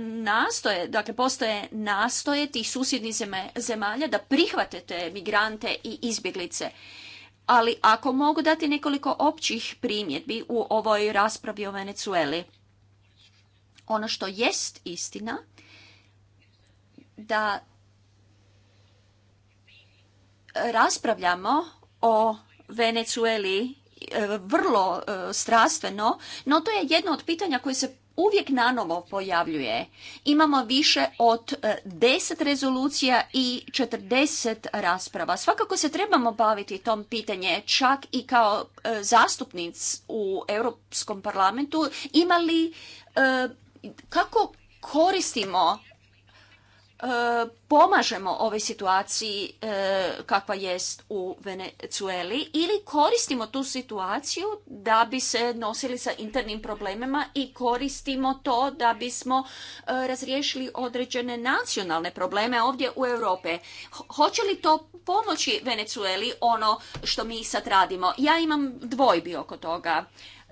nastoje, dakle postoje nastoje tih susjednih zemalja da prihvate te migrante i izbjeglice ali ako mogu dati nekoliko općih primjedbi u ovoj raspravi o Venecueli. Ono što jest istina, da raspravljamo o Venecueli e, vrlo e, strastveno, no to je jedno od pitanja koje se uvijek nanovo pojavljuje. Imamo više od 10 e, rezolucija i 40 rasprava. Svakako se trebamo baviti tom pitanje, čak i kao e, zastupnic u Europskom parlamentu, imali e, kako koristimo E, pomažemo ovoj situaciji e, kakva jest u Venecueli ili koristimo tu situaciju da bi se nosili sa internim problemima i koristimo to da bismo e, razriješili određene nacionalne probleme ovdje u Europe. Hoće li to pomoći Venecueli ono što mi sad radimo? Ja imam dvojbi oko toga.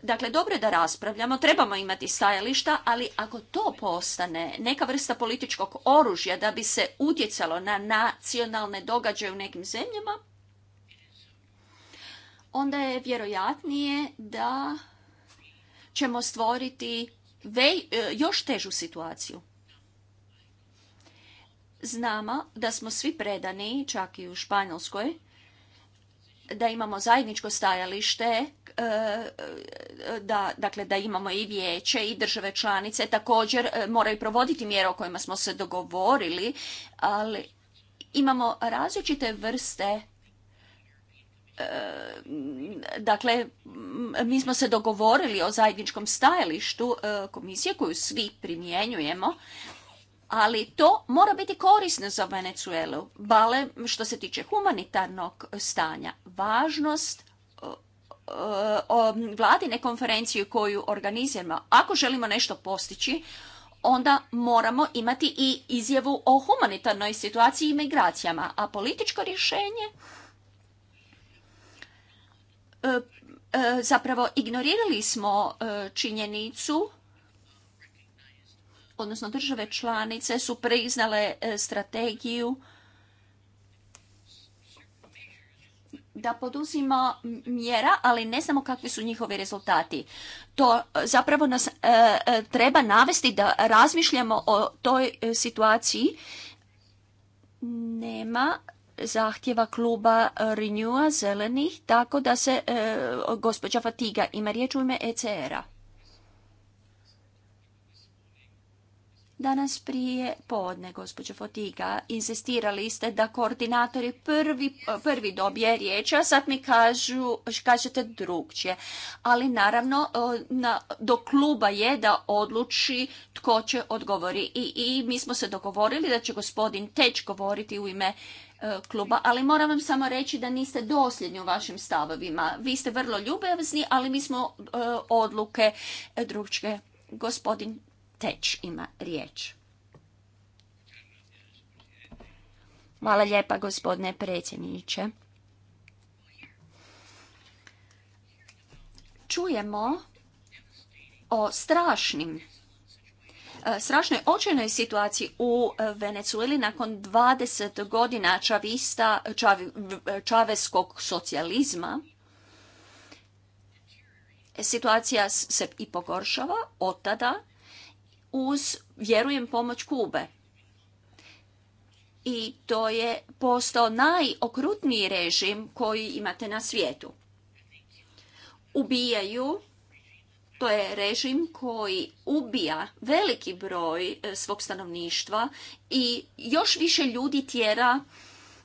Dakle, dobro je da raspravljamo, trebamo imati stajališta, ali ako to postane neka vrsta političkog oružja da bi se utjecalo na nacionalne događaje u nekim zemljama, onda je vjerojatnije da ćemo stvoriti e, još težu situaciju. Znamo da smo svi predani, čak i u Španjolskoj, da imamo zajedničko stajalište E, e, da, dakle, da imamo i vijeće i države članice također e, moraju provoditi mjere o kojima smo se dogovorili, ali imamo različite vrste dakle, mi smo se dogovorili o zajedničkom stajalištu komisije koju svi primjenjujemo, ali to mora biti korisno za Venecuelu bale što se tiče humanitarnog stanja, važnost E, vladine konferencije koju organiziramo, ako želimo nešto postići, onda moramo imati i izjavu o humanitarnoj situaciji i migracijama, a političko rješenje e, e, zapravo ignorirali smo činjenicu odnosno države članice su priznale strategiju da poduzima mjera, ali ne znamo kakvi su njihovi rezultati. To e, zapravo nas e, e, treba navesti da razmišljamo o toj situaciji. Nema zahtjeva kluba Renewa zelenih, tako da se gospođa Fatiga ima riječ u ime ECR-a. Danas prije podne, gospođo Fotiga, insistirali ste da koordinatori prvi, prvi dobije riječ, a sad mi kažu, kažete drugčije. Ali naravno, e, do kluba je da odluči tko će odgovori. I, mi smo se dogovorili da će gospodin Teć govoriti u ime e, kluba, ali moram vam samo reći da niste dosljedni u vašim stavovima. Vi ste vrlo ljubezni, ali mi smo e, odluke drugčije. Gospodin Teč ima riječ. Hvala lijepa gospodine predsjedniče. Čujemo o strašnim e, strašnoj očajnoj situaciji u Venezueli nakon 20 godina čavista, čaveskog socijalizma. Situacija se i pogoršava od tada uz, vjerujem, pomoć Kube. I to je postao najokrutniji režim koji imate na svijetu. Ubijaju, to je režim koji ubija veliki broj e, svog stanovništva i još više ljudi tjera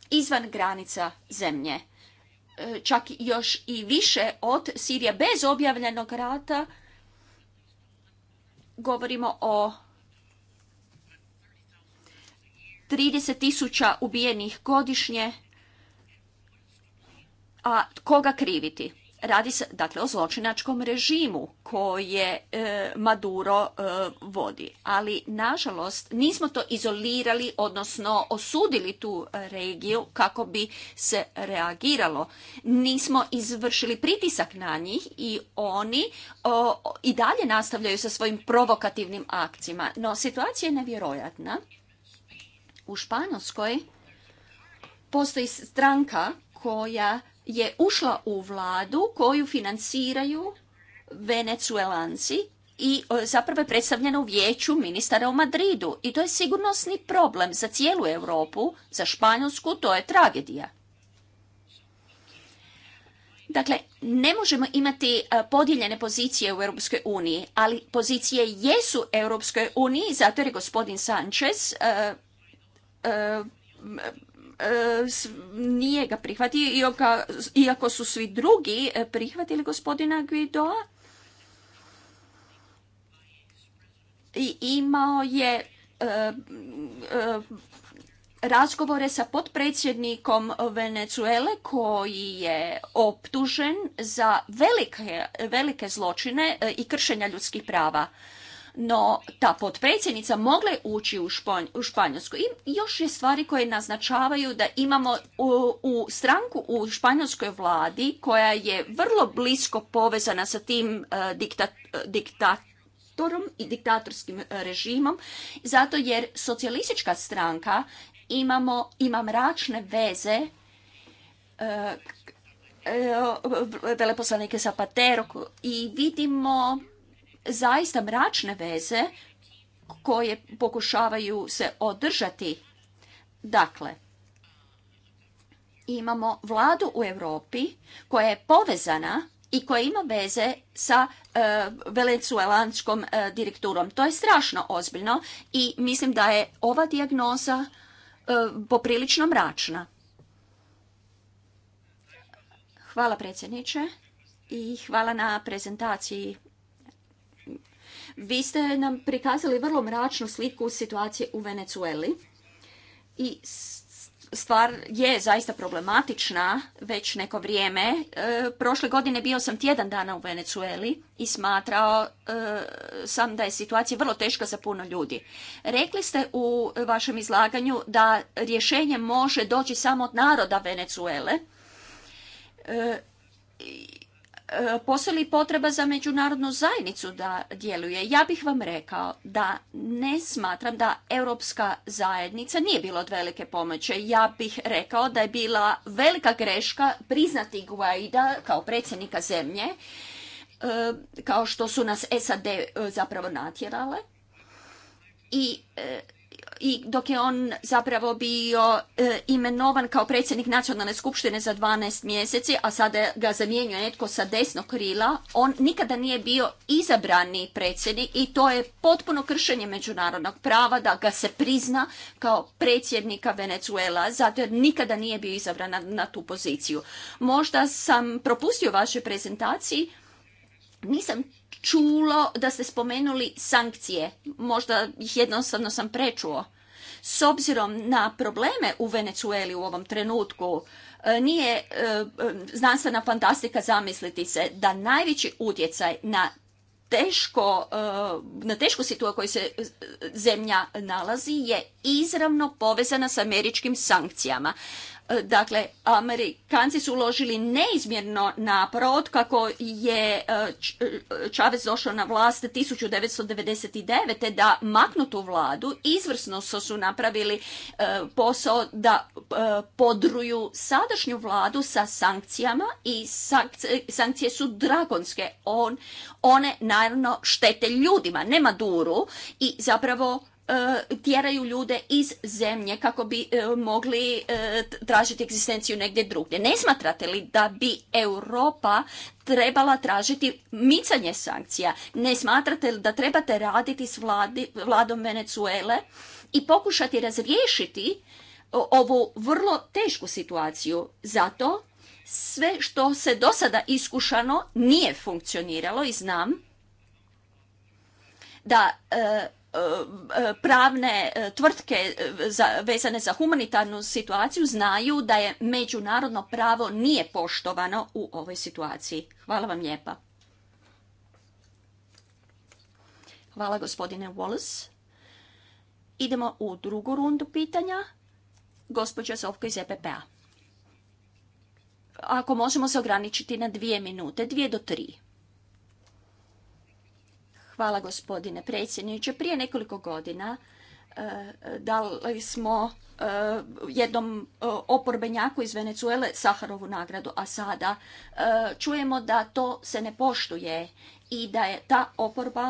izvan granica zemlje. E, čak još i više od Sirije bez objavljenog rata govorimo o 30.000 ubijenih godišnje, a koga kriviti? Radi se dakle o zločinačkom režimu koje e, Maduro e, vodi. Ali nažalost nismo to izolirali odnosno osudili tu regiju kako bi se reagiralo. Nismo izvršili pritisak na njih i oni i dalje nastavljaju sa svojim provokativnim akcijama. No situacija je nevjerojatna. U Španjolskoj postoji stranka koja je ušla u vladu koju financiraju venecuelanci i e, zapravo je predstavljena u vijeću ministara u Madridu. I to je sigurnosni problem za cijelu Europu, za Španjolsku to je tragedija. Dakle, ne možemo imati e, podijeljene pozicije u Europskoj uniji, ali pozicije jesu u Europskoj uniji, zato jer je gospodin Sanchez e, E, nije ga prihvatio, iako su svi drugi e, prihvatili gospodina Guidoa. I imao je e, razgovore sa potpredsjednikom Venezuele koji je optužen za velike, velike zločine i kršenja ljudskih prava no ta potpredsjednica mogla je ući u, Španjolsku. I još je stvari koje naznačavaju da imamo u, stranku u španjolskoj vladi koja je vrlo blisko povezana sa tim e, e, diktatorom i diktatorskim režimom, zato jer socijalistička stranka imamo, ima mračne veze teleposlanike e, veleposlanike sa i vidimo zaista mračne veze koje pokušavaju se održati. Dakle, imamo vladu u Europi koja je povezana i koja ima veze sa e, venezuelanskom e, direkturom. To je strašno ozbiljno i mislim da je ova dijagnoza e, poprilično mračna. Hvala predsjedniče i hvala na prezentaciji vi ste nam prikazali vrlo mračnu sliku situacije u Venecueli i stvar je zaista problematična već neko vrijeme. E, prošle godine bio sam tjedan dana u Venecueli i smatrao e, sam da je situacija vrlo teška za puno ljudi. Rekli ste u vašem izlaganju da rješenje može doći samo od naroda Venecuele. E, E, postoji li potreba za međunarodnu zajednicu da djeluje? Ja bih vam rekao da ne smatram da europska zajednica nije bila od velike pomoći. Ja bih rekao da je bila velika greška priznati Guaida kao predsjednika zemlje, e, kao što su nas SAD e, zapravo natjerale. I i dok je on zapravo bio e, imenovan kao predsjednik nacionalne skupštine za 12 mjeseci, a sada ga zamjenjuje netko sa desnog krila, on nikada nije bio izabrani predsjednik i to je potpuno kršenje međunarodnog prava da ga se prizna kao predsjednika Venezuela, zato jer nikada nije bio izabran na, na tu poziciju. Možda sam propustio vašoj prezentaciji, nisam čulo da ste spomenuli sankcije. Možda ih jednostavno sam prečuo. S obzirom na probleme u Venecueli u ovom trenutku, e, nije e, znanstvena fantastika zamisliti se da najveći utjecaj na teško, e, na tešku situaciju u se zemlja nalazi je izravno povezana s američkim sankcijama. E, dakle, Amerikanci su uložili neizmjerno na od kako je e, e, Čavez došao na vlast 1999. da maknu tu vladu. Izvrsno su, napravili posao da podruju sadašnju vladu sa sankcijama i sankcije su dragonske. one naravno štete ljudima, ne Maduru i zapravo E, tjeraju ljude iz zemlje kako bi e, mogli e, tražiti egzistenciju negdje drugdje. Ne smatrate li da bi Europa trebala tražiti micanje sankcija? Ne smatrate li da trebate raditi s vladi, vladom Venezuele i pokušati razriješiti ovu vrlo tešku situaciju? Zato sve što se do sada iskušano nije funkcioniralo i znam da pravne e, tvrtke e, vezane za humanitarnu situaciju znaju da je međunarodno pravo nije poštovano u ovoj situaciji. Hvala vam lijepa. Hvala gospodine Wallace. Idemo u drugu rundu pitanja. Gospođa Zovko iz EPP-a. Ako možemo se ograničiti na dvije minute, dvije do tri. Hvala gospodine predsjedniče. Prije nekoliko godina e, dali smo e, jednom e, oporbenjaku iz Venecuele Saharovu nagradu, a sada čujemo da to se ne poštuje i da je ta oporba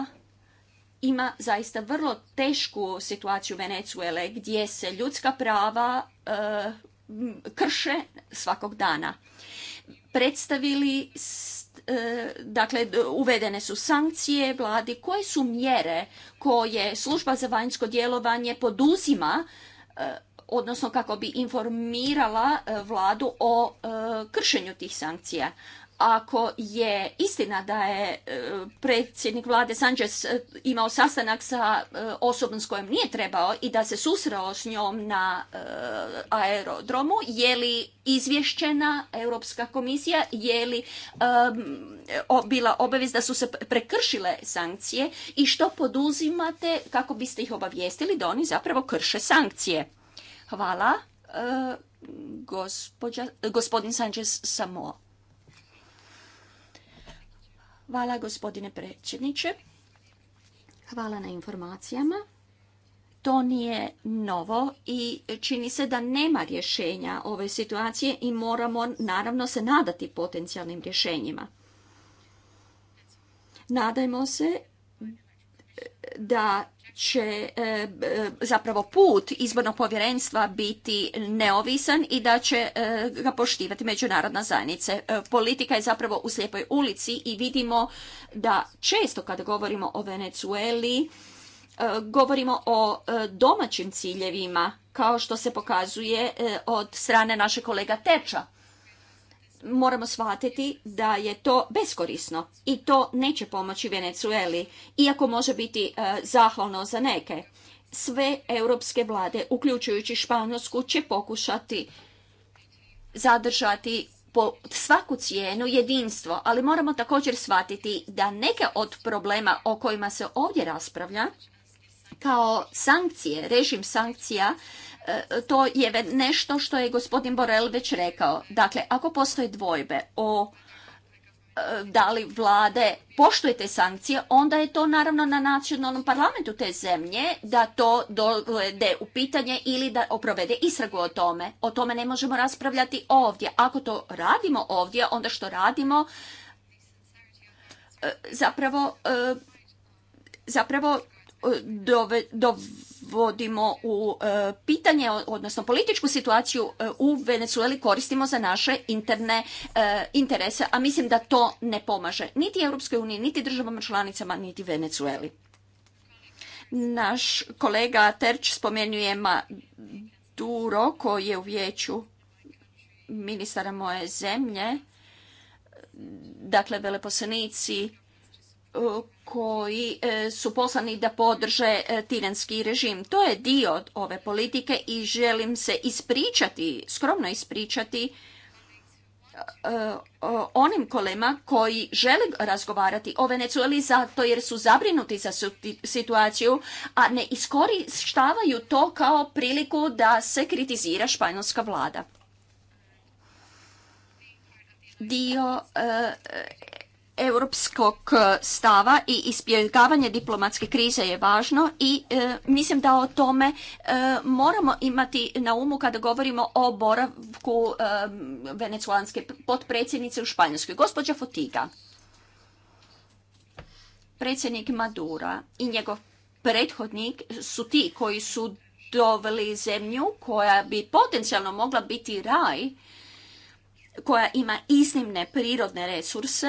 ima zaista vrlo tešku situaciju Venecuele gdje se ljudska prava krše svakog dana. Predstavili E, dakle uvedene su sankcije vladi, koje su mjere koje služba za vanjsko djelovanje poduzima e, odnosno kako bi informirala e, vladu o kršenju tih sankcija ako je istina da je e, predsjednik vlade Sanchez e, imao sastanak sa e, osobom s kojom nije trebao i da se susreo s njom na aerodromu, je li izvješćena Europska komisija, je li bila obavijest da su se prekršile sankcije i što poduzimate kako biste ih obavijestili da oni zapravo krše sankcije. Hvala, gospodin Sanchez Samo. Hvala gospodine predsjedniče. Hvala na informacijama. To nije novo i čini se da nema rješenja ove situacije i moramo naravno se nadati potencijalnim rješenjima. Nadajmo se da će e, e, zapravo put izbornog povjerenstva biti neovisan i da će e, ga poštivati međunarodna zajednica. politika je zapravo u slijepoj ulici i vidimo da često kada govorimo o Venecueli, govorimo o domaćim ciljevima kao što se pokazuje od strane našeg kolega Teča moramo shvatiti da je to beskorisno i to neće pomoći Venecueli, iako može biti e, zahvalno za neke. Sve europske vlade, uključujući Španjolsku, će pokušati zadržati po svaku cijenu jedinstvo, ali moramo također shvatiti da neke od problema o kojima se ovdje raspravlja, kao sankcije, režim sankcija, E, to je nešto što je gospodin Borel već rekao. Dakle, ako postoje dvojbe o e, da li vlade poštujete sankcije, onda je to naravno na nacionalnom parlamentu te zemlje da to dovede u pitanje ili da oprovede istragu o tome. O tome ne možemo raspravljati ovdje. Ako to radimo ovdje, onda što radimo e, zapravo zapravo vodimo u e, pitanje, odnosno političku situaciju e, u Venezueli koristimo za naše interne e, interese, a mislim da to ne pomaže niti Europskoj uniji, niti državama članicama, niti Venezueli. Naš kolega Terč spomenuje Maduro koji je u vijeću ministara moje zemlje, dakle veleposlenici koji e, su poslani da podrže e, tiranski režim. To je dio ove politike i želim se ispričati, skromno ispričati e, onim kolema koji žele razgovarati o Venecueli zato jer su zabrinuti za situaciju, a ne iskorištavaju to kao priliku da se kritizira španjolska vlada. Dio europskog e, stava i ispjegavanje diplomatske krize je važno i e, mislim da o tome e, moramo imati na umu kada govorimo o boravku e, potpredsjednice u Španjolskoj. Gospođa Fotiga, predsjednik Madura i njegov prethodnik su ti koji su doveli zemlju koja bi potencijalno mogla biti raj koja ima iznimne prirodne resurse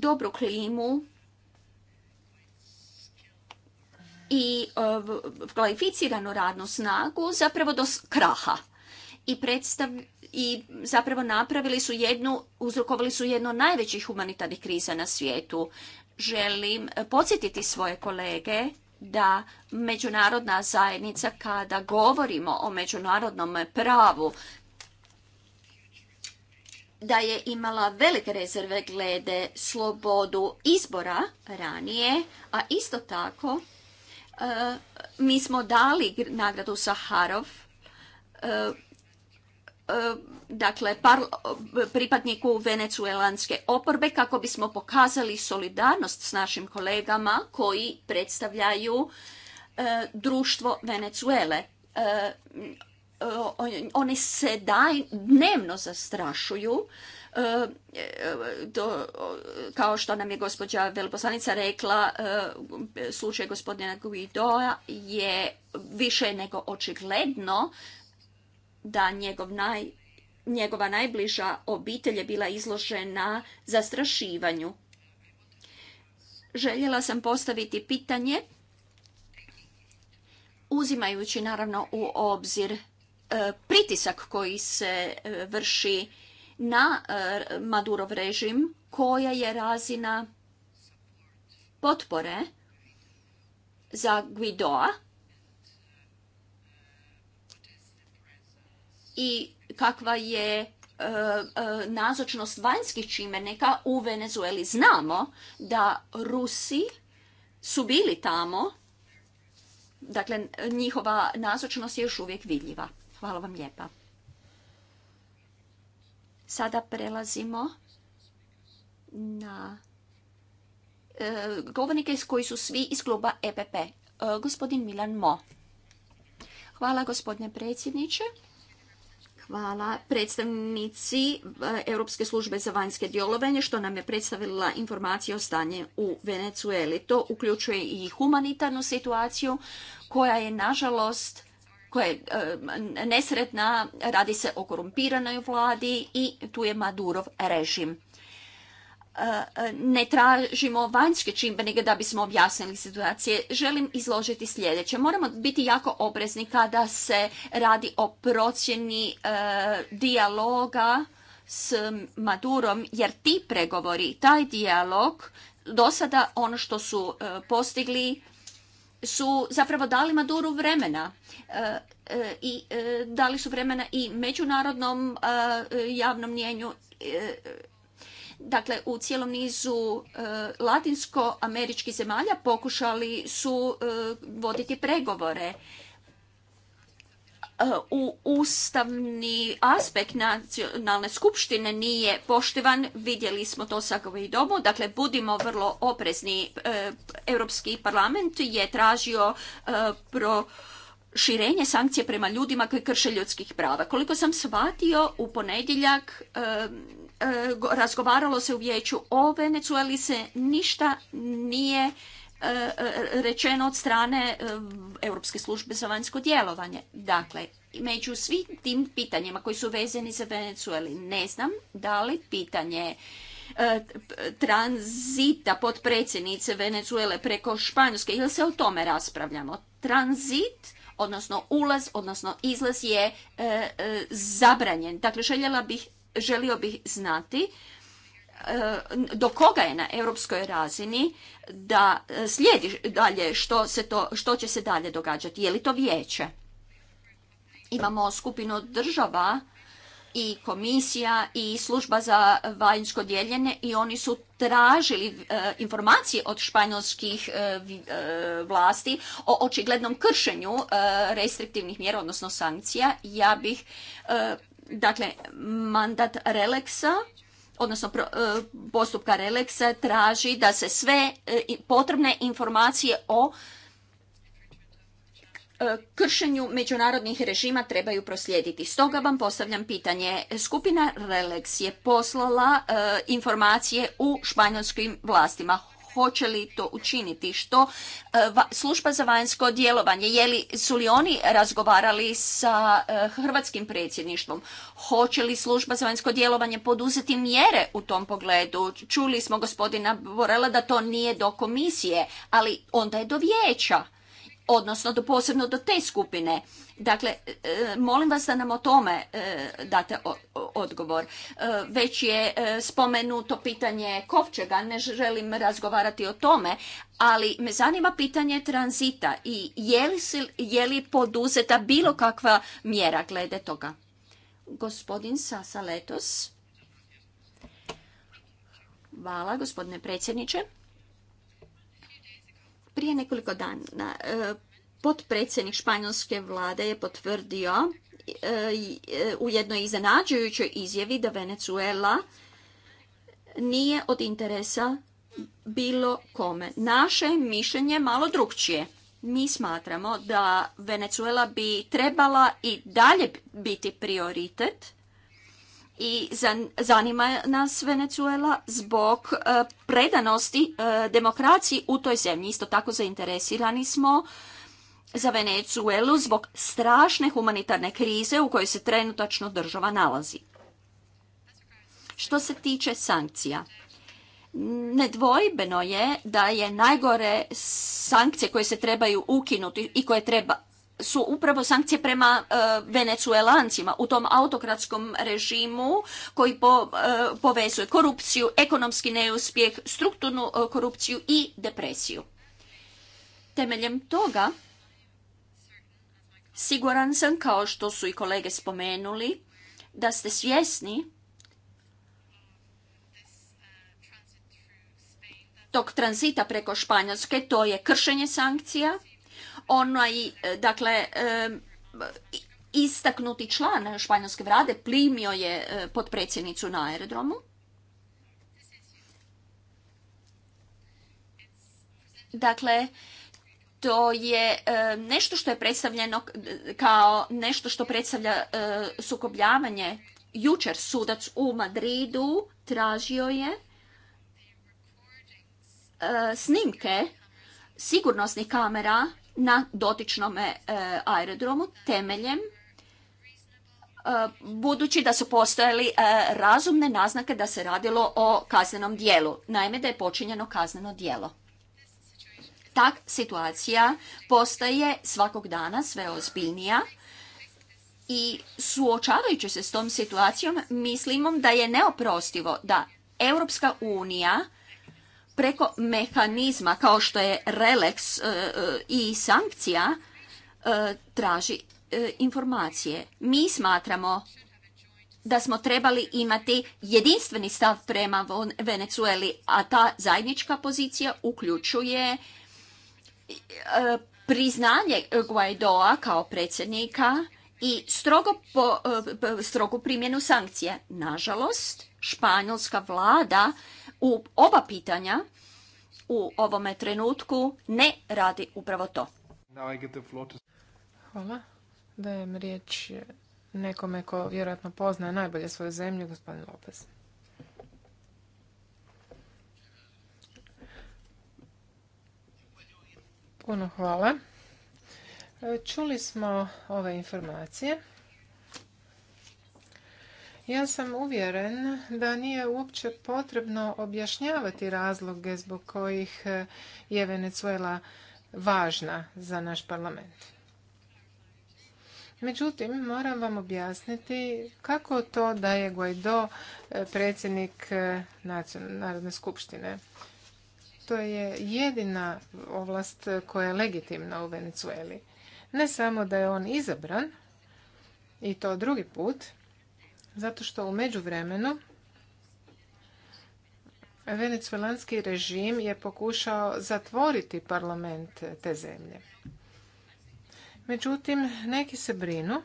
dobru klimu i e, kvalificiranu radnu snagu zapravo do kraha i i zapravo napravili su jednu, uzrokovali su jedno najvećih humanitarnih kriza na svijetu. Želim e, podsjetiti svoje kolege da međunarodna zajednica kada govorimo o međunarodnom pravu da je imala velike rezerve glede slobodu izbora ranije, a isto tako e, mi smo dali nagradu Saharov e, e, dakle pripadniku venecuelanske oporbe kako bismo pokazali solidarnost s našim kolegama koji predstavljaju društvo Venecuele oni se daj, dnevno zastrašuju e, e, kao što nam je gospođa veleposlanica rekla, e, slučaj gospodina Guidoa je više nego očigledno da njegov naj, njegova najbliža obitelj je bila izložena zastrašivanju. Željela sam postaviti pitanje, uzimajući naravno u obzir E, pritisak koji se e, vrši na e, Madurov režim, koja je razina potpore za Guidoa i kakva je nazočnost vanjskih čimenika u Venezueli. Znamo da Rusi su bili tamo, dakle njihova nazočnost je još uvijek vidljiva. Hvala vam lijepa. Sada prelazimo na e, govornike koji su svi iz kluba EPP. E, gospodin Milan Mo. Hvala gospodine predsjedniče. Hvala predstavnici e, Europske službe za vanjske djelovanje što nam je predstavila informacije o stanju u Venecueli. To uključuje i humanitarnu situaciju koja je nažalost koja je e, nesretna, radi se o korumpiranoj vladi i tu je Madurov režim e, ne tražimo vanjske čimbenike da bismo objasnili situacije. Želim izložiti sljedeće. Moramo biti jako oprezni kada se radi o procjeni e, dijaloga s Madurom, jer ti pregovori, taj dijalog, do sada ono što su postigli su zapravo dali Maduru vremena e, e, i e, dali su vremena i međunarodnom javnom mnjenju dakle u cijelom nizu latinsko latinskoameričkih zemalja pokušali su voditi pregovore E, u ustavni aspekt nacionalne skupštine nije poštivan, vidjeli smo to sa domu, dakle budimo vrlo oprezni. E, Europski parlament je tražio e, pro širenje sankcije prema ljudima koji krše ljudskih prava. Koliko sam shvatio, u ponedjeljak razgovaralo se u vijeću o Venezueli se ništa nije E, e, rečeno od strane e, Europske službe za vanjsko djelovanje. Dakle, među svim tim pitanjima koji su vezani za Venezueli, ne znam da li pitanje tranzita potpredsjednice Venezuele preko Španjolske ili se o tome raspravljamo. Tranzit odnosno ulaz, odnosno izlaz je zabranjen. Dakle, željela bih, želio bih znati do koga je na europskoj razini da slijedi dalje što, se to, što će se dalje događati. Je li to vijeće? Imamo skupinu država i komisija i služba za vanjsko dijeljenje i oni su tražili e, informacije od španjolskih e, e, vlasti o očiglednom kršenju restriktivnih mjera, odnosno sankcija. Ja bih, dakle, mandat Relexa odnosno e, postupka Releksa, traži da se sve e, potrebne informacije o e, kršenju međunarodnih režima trebaju proslijediti. Stoga vam postavljam pitanje. Skupina Relex je poslala informacije u španjolskim vlastima hoće li to učiniti? Što e, služba za vanjsko djelovanje, jeli su li oni razgovarali sa e, hrvatskim predsjedništvom? Hoće li služba za vanjsko djelovanje poduzeti mjere u tom pogledu? Čuli smo gospodina Borela da to nije do komisije, ali onda je do vijeća odnosno do, posebno do te skupine. Dakle, e, molim vas da nam o tome e, date odgovor. E, već je spomenuto pitanje Kovčega, ne želim razgovarati o tome, ali me zanima pitanje tranzita i je li, poduzeta bilo kakva mjera glede toga? Gospodin Sasa Letos. Hvala, gospodine predsjedniče. Prije nekoliko dana e, potpredsjednik španjolske vlade je potvrdio e, e, u jednoj iznenađujućoj izjavi da Venezuela nije od interesa bilo kome. Naše mišljenje malo drugčije. Mi smatramo da Venezuela bi trebala i dalje biti prioritet i zanima nas Venezuela zbog e, predanosti e, demokraciji u toj zemlji. Isto tako zainteresirani smo za Venezuelu zbog strašne humanitarne krize u kojoj se trenutačno država nalazi. Što se tiče sankcija, nedvojbeno je da je najgore sankcije koje se trebaju ukinuti i koje treba su upravo sankcije prema e, venecuelancima u tom autokratskom režimu koji e, povezuje korupciju, ekonomski neuspjeh, strukturnu e, korupciju i depresiju. Temeljem toga siguran sam kao što su i kolege spomenuli da ste svjesni tog tranzita preko Španjolske, to je kršenje sankcija onaj, e, dakle, e, istaknuti član španjolske vlade plimio je e, potpredsjednicu na aerodromu. Dakle, to je nešto što je predstavljeno kao nešto što predstavlja sukobljavanje. Jučer sudac u Madridu tražio je snimke sigurnosnih kamera na dotičnome e, aerodromu temeljem e, budući da su postojali e, razumne naznake da se radilo o kaznenom dijelu, naime da je počinjeno kazneno dijelo. Tak situacija postaje svakog dana sve ozbiljnija i suočavajući se s tom situacijom mislimo da je neoprostivo da Europska unija preko mehanizma kao što je Relex e, e, i sankcija e, traži informacije. Mi smatramo da smo trebali imati jedinstveni stav prema Venezueli, a ta zajednička pozicija uključuje priznanje Guaidoa kao predsjednika i strogu primjenu sankcije. Nažalost, španjolska vlada u oba pitanja u ovome trenutku ne radi upravo to. Hvala. Dajem riječ nekome ko vjerojatno poznaje najbolje svoju zemlju, gospodin Lopez. Puno hvala. Čuli smo ove informacije. Ja sam uvjeren da nije uopće potrebno objašnjavati razloge zbog kojih e, je Venezuela važna za naš parlament. Međutim, moram vam objasniti kako to da je Guaido e, predsjednik e, Narodne skupštine. To je jedina ovlast koja je legitimna u Venezueli. Ne samo da je on izabran, i to drugi put, zato što u međuvremenu venecuelanski režim je pokušao zatvoriti parlament te zemlje. Međutim, neki se brinu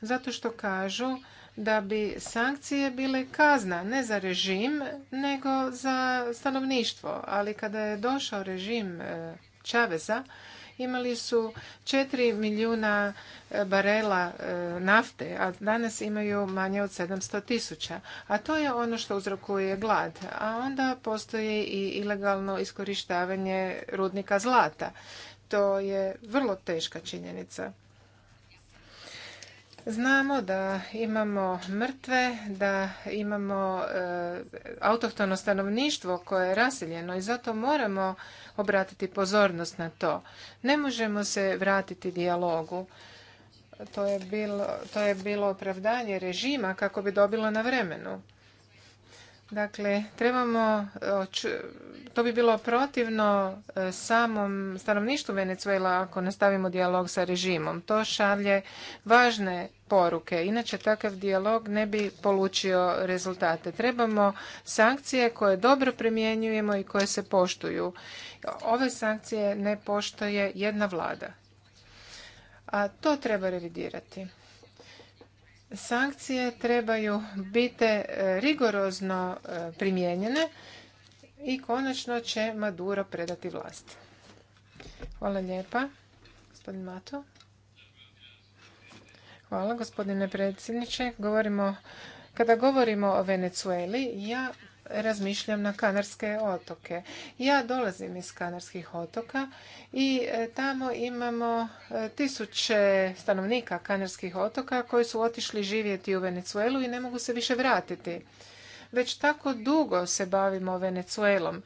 zato što kažu da bi sankcije bile kazna ne za režim nego za stanovništvo. Ali kada je došao režim eh, Čaveza, imali su 4 milijuna e, barela e, nafte, a danas imaju manje od 700 tisuća. A to je ono što uzrokuje glad. A onda postoji i ilegalno iskorištavanje rudnika zlata. To je vrlo teška činjenica. Znamo da imamo mrtve, da imamo e, autohtono stanovništvo koje je raseljeno i zato moramo obratiti pozornost na to. Ne možemo se vratiti dijalogu. To je bilo, to je bilo opravdanje režima kako bi dobilo na vremenu. Dakle, trebamo, to bi bilo protivno e, samom stanovništvu Venezuela ako nastavimo dijalog sa režimom. To šalje važne poruke. Inače, takav dijalog ne bi polučio rezultate. Trebamo sankcije koje dobro primjenjujemo i koje se poštuju. Ove sankcije ne poštoje jedna vlada. A to treba revidirati. Sankcije trebaju biti e, rigorozno e, primijenjene i konačno će Maduro predati vlast. Hvala lijepa. Gospodin Mato. Hvala gospodine predsjedniče. Govorimo, kada govorimo o Venecueli, ja razmišljam na Kanarske otoke. Ja dolazim iz Kanarskih otoka i e, tamo imamo e, tisuće stanovnika Kanarskih otoka koji su otišli živjeti u Venecuelu i ne mogu se više vratiti. Već tako dugo se bavimo Venecuelom.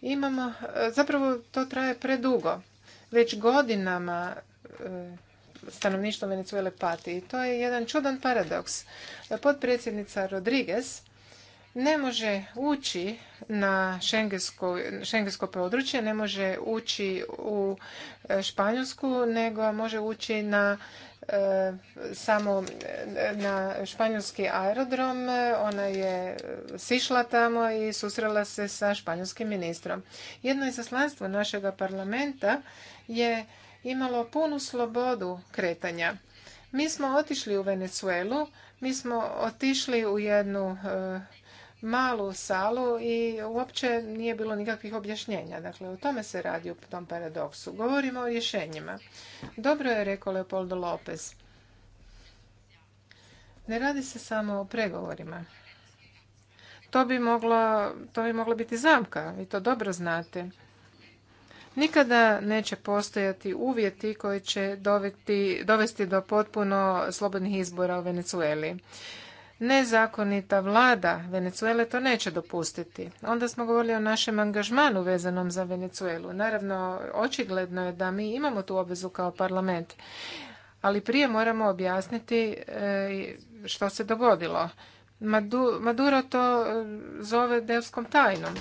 Imamo, e, zapravo to traje predugo. Već godinama stanovništvo Venezuele pati. I to je jedan čudan paradoks. Potpredsjednica Rodriguez ne može ući na šengensko, šengensko područje, ne može ući u e, Španjolsku, nego može ući na e, samo e, na španjolski aerodrom. Ona je sišla tamo i susrela se sa španjolskim ministrom. Jedno izaslanstvo našeg parlamenta je imalo punu slobodu kretanja. Mi smo otišli u Venezuelu, mi smo otišli u jednu malu salu i uopće nije bilo nikakvih objašnjenja. Dakle, o tome se radi u tom paradoksu. Govorimo o rješenjima. Dobro je rekao Leopoldo Lopez. Ne radi se samo o pregovorima. To bi moglo, to bi moglo biti zamka, i to dobro znate. Nikada neće postojati uvjeti koji će dovesti do potpuno slobodnih izbora u Venezueli nezakonita vlada Venezuele to neće dopustiti. Onda smo govorili o našem angažmanu vezanom za Venecuelu. Naravno, očigledno je da mi imamo tu obvezu kao parlament, ali prije moramo objasniti e, što se dogodilo. Maduro to e, zove devskom tajnom.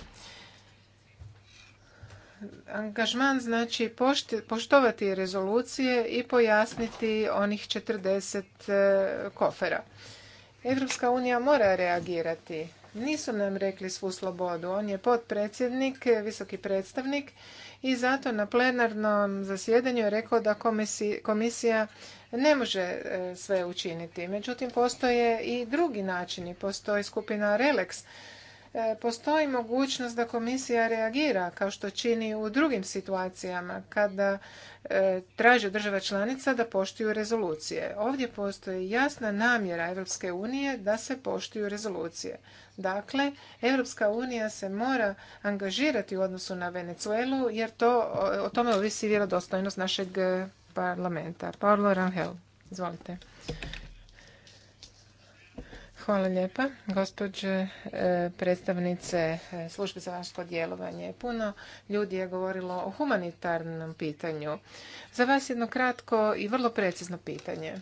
Angažman znači poštovati rezolucije i pojasniti onih 40 e, kofera. Evropska unija mora reagirati. Nisu nam rekli svu slobodu. On je potpredsjednik, visoki predstavnik i zato na plenarnom zasjedanju je rekao da komisija ne može e, sve učiniti. Međutim, postoje i drugi načini. Postoji skupina Relex E, postoji mogućnost da komisija reagira kao što čini u drugim situacijama kada e, traže država članica da poštuju rezolucije. Ovdje postoji jasna namjera Europske unije da se poštuju rezolucije. Dakle, Europska unija se mora angažirati u odnosu na Venezuelu jer to, o tome ovisi vjerodostojnost našeg e, parlamenta. Paolo Rangel, izvolite. Hvala lijepa, gospođe e, predstavnice e, službe za vanjsko djelovanje. Puno ljudi je govorilo o humanitarnom pitanju. Za vas jedno kratko i vrlo precizno pitanje.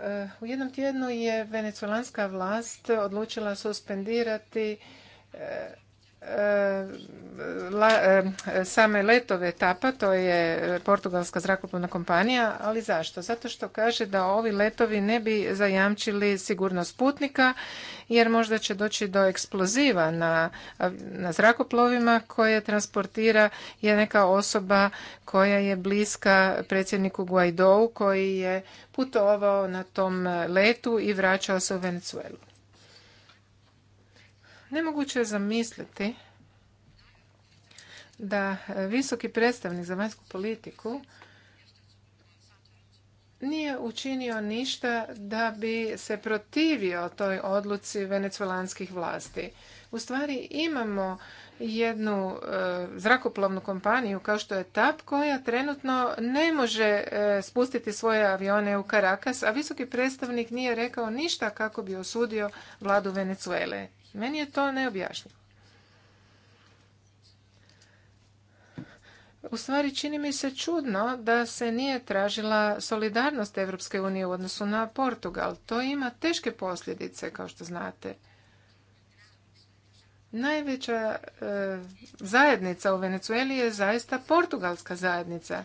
E, u jednom tjednu je venecuelanska vlast odlučila suspendirati Eh, eh, same letove etapa, to je portugalska zrakoplovna kompanija, ali zašto? Zato što kaže da ovi letovi ne bi zajamčili sigurnost putnika, jer možda će doći do eksploziva na, zrakoplovima koje transportira je neka osoba koja je bliska predsjedniku Guaidou koji je putovao na tom letu i vraćao se u Venezuelu. Nemoguće je zamisliti da visoki predstavnik za vanjsku politiku nije učinio ništa da bi se protivio toj odluci venecuelanskih vlasti. U stvari imamo jednu e, zrakoplovnu kompaniju kao što je TAP koja trenutno ne može e, spustiti svoje avione u Karakas, a visoki predstavnik nije rekao ništa kako bi osudio vladu Venecuele. Meni je to neobjašnjivo. U stvari čini mi se čudno da se nije tražila solidarnost Europske unije u odnosu na Portugal. To ima teške posljedice, kao što znate. Najveća e, zajednica u Venecueli je zaista portugalska zajednica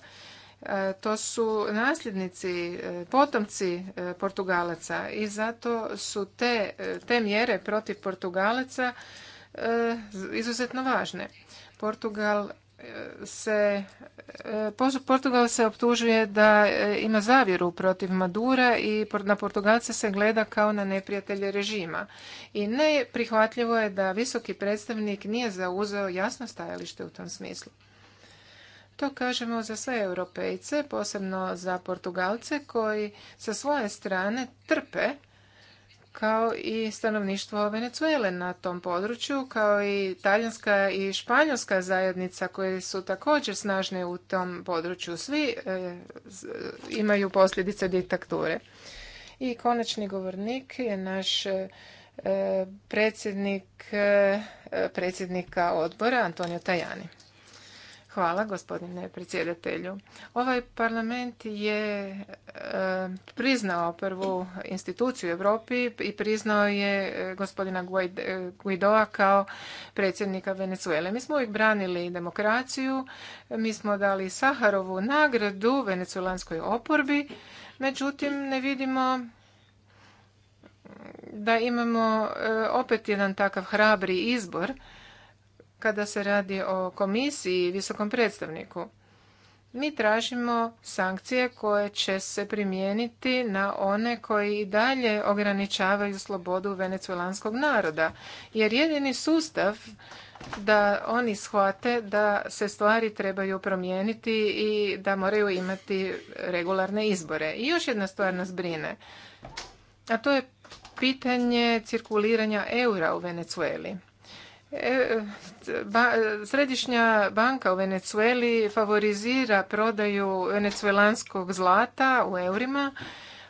E, to su nasljednici, e, potomci e, Portugalaca i zato su te, te mjere protiv Portugalaca izuzetno važne. Portugal se, Portugal se optužuje da ima zavjeru protiv Madura i na Portugalce se gleda kao na neprijatelje režima. I neprihvatljivo je da visoki predstavnik nije zauzeo jasno stajalište u tom smislu. To kažemo za sve europejce, posebno za Portugalce koji sa svoje strane trpe kao i stanovništvo Venecuele na tom području, kao i talijanska i španjolska zajednica koje su također snažne u tom području. Svi e, imaju posljedice diktature. I konačni govornik je naš e, e, predsjednik predsjednika odbora Antonio Tajani. Hvala gospodine predsjedatelju. Ovaj parlament je e, priznao prvu instituciju u Europi i priznao je e, gospodina Guidoa e, kao predsjednika Venezuele. Mi smo uvijek branili demokraciju, mi smo dali Saharovu nagradu venezuelanskoj oporbi, međutim ne vidimo da imamo opet jedan takav hrabri izbor kada se radi o komisiji i visokom predstavniku. Mi tražimo sankcije koje će se primijeniti na one koji i dalje ograničavaju slobodu venecuelanskog naroda, jer jedini sustav da oni shvate da se stvari trebaju promijeniti i da moraju imati regularne izbore. I još jedna stvar nas brine, a to je pitanje cirkuliranja eura u Venecueli. E, središnja banka u Venecueli favorizira prodaju venecuelanskog zlata u eurima,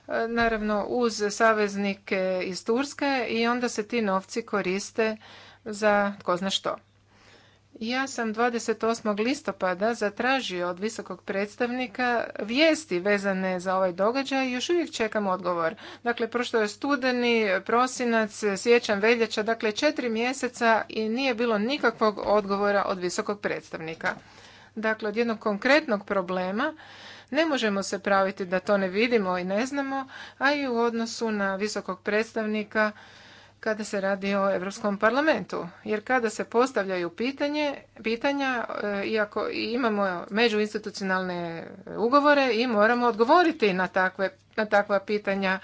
e, naravno uz saveznike iz Turske i onda se ti novci koriste za tko zna što. Ja sam 28. listopada zatražio od visokog predstavnika vijesti vezane za ovaj događaj i još uvijek čekam odgovor. Dakle, prošlo je studeni, prosinac, sjećan, veljača, dakle četiri mjeseca i nije bilo nikakvog odgovora od visokog predstavnika. Dakle, od jednog konkretnog problema ne možemo se praviti da to ne vidimo i ne znamo, a i u odnosu na visokog predstavnika kada se radi o Europskom parlamentu. Jer kada se postavljaju pitanje, pitanja, e, iako imamo međuinstitucionalne ugovore i moramo odgovoriti na, takve, na takva pitanja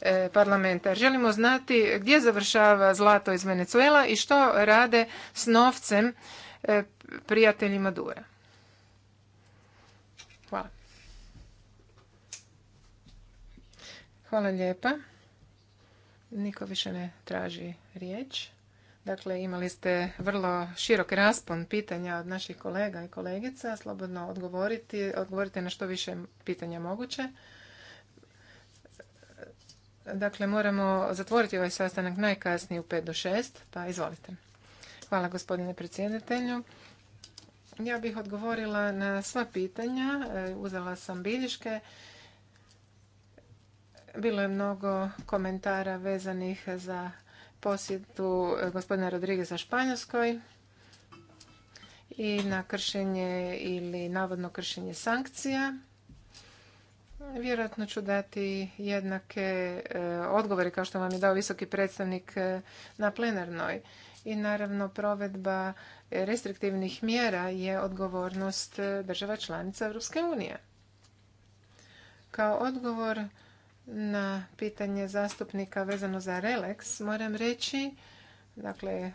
e, parlamenta. Želimo znati gdje završava zlato iz Venezuela i što rade s novcem e, prijatelji Madura. Hvala. Hvala lijepa. Niko više ne traži riječ. Dakle, imali ste vrlo širok raspon pitanja od naših kolega i kolegica. Slobodno odgovoriti, odgovorite na što više pitanja moguće. Dakle, moramo zatvoriti ovaj sastanak najkasnije u 5 do 6, pa izvolite. Hvala gospodine predsjedatelju. Ja bih odgovorila na sva pitanja, uzela sam bilješke bilo je mnogo komentara vezanih za posjetu eh, gospodina Rodrigueza Španjolskoj i na kršenje ili navodno kršenje sankcija. Vjerojatno ću dati jednake eh, odgovore kao što vam je dao visoki predstavnik eh, na plenarnoj. I naravno provedba restriktivnih mjera je odgovornost država članica Europske unije. Kao odgovor na pitanje zastupnika vezano za Relex moram reći Dakle, e,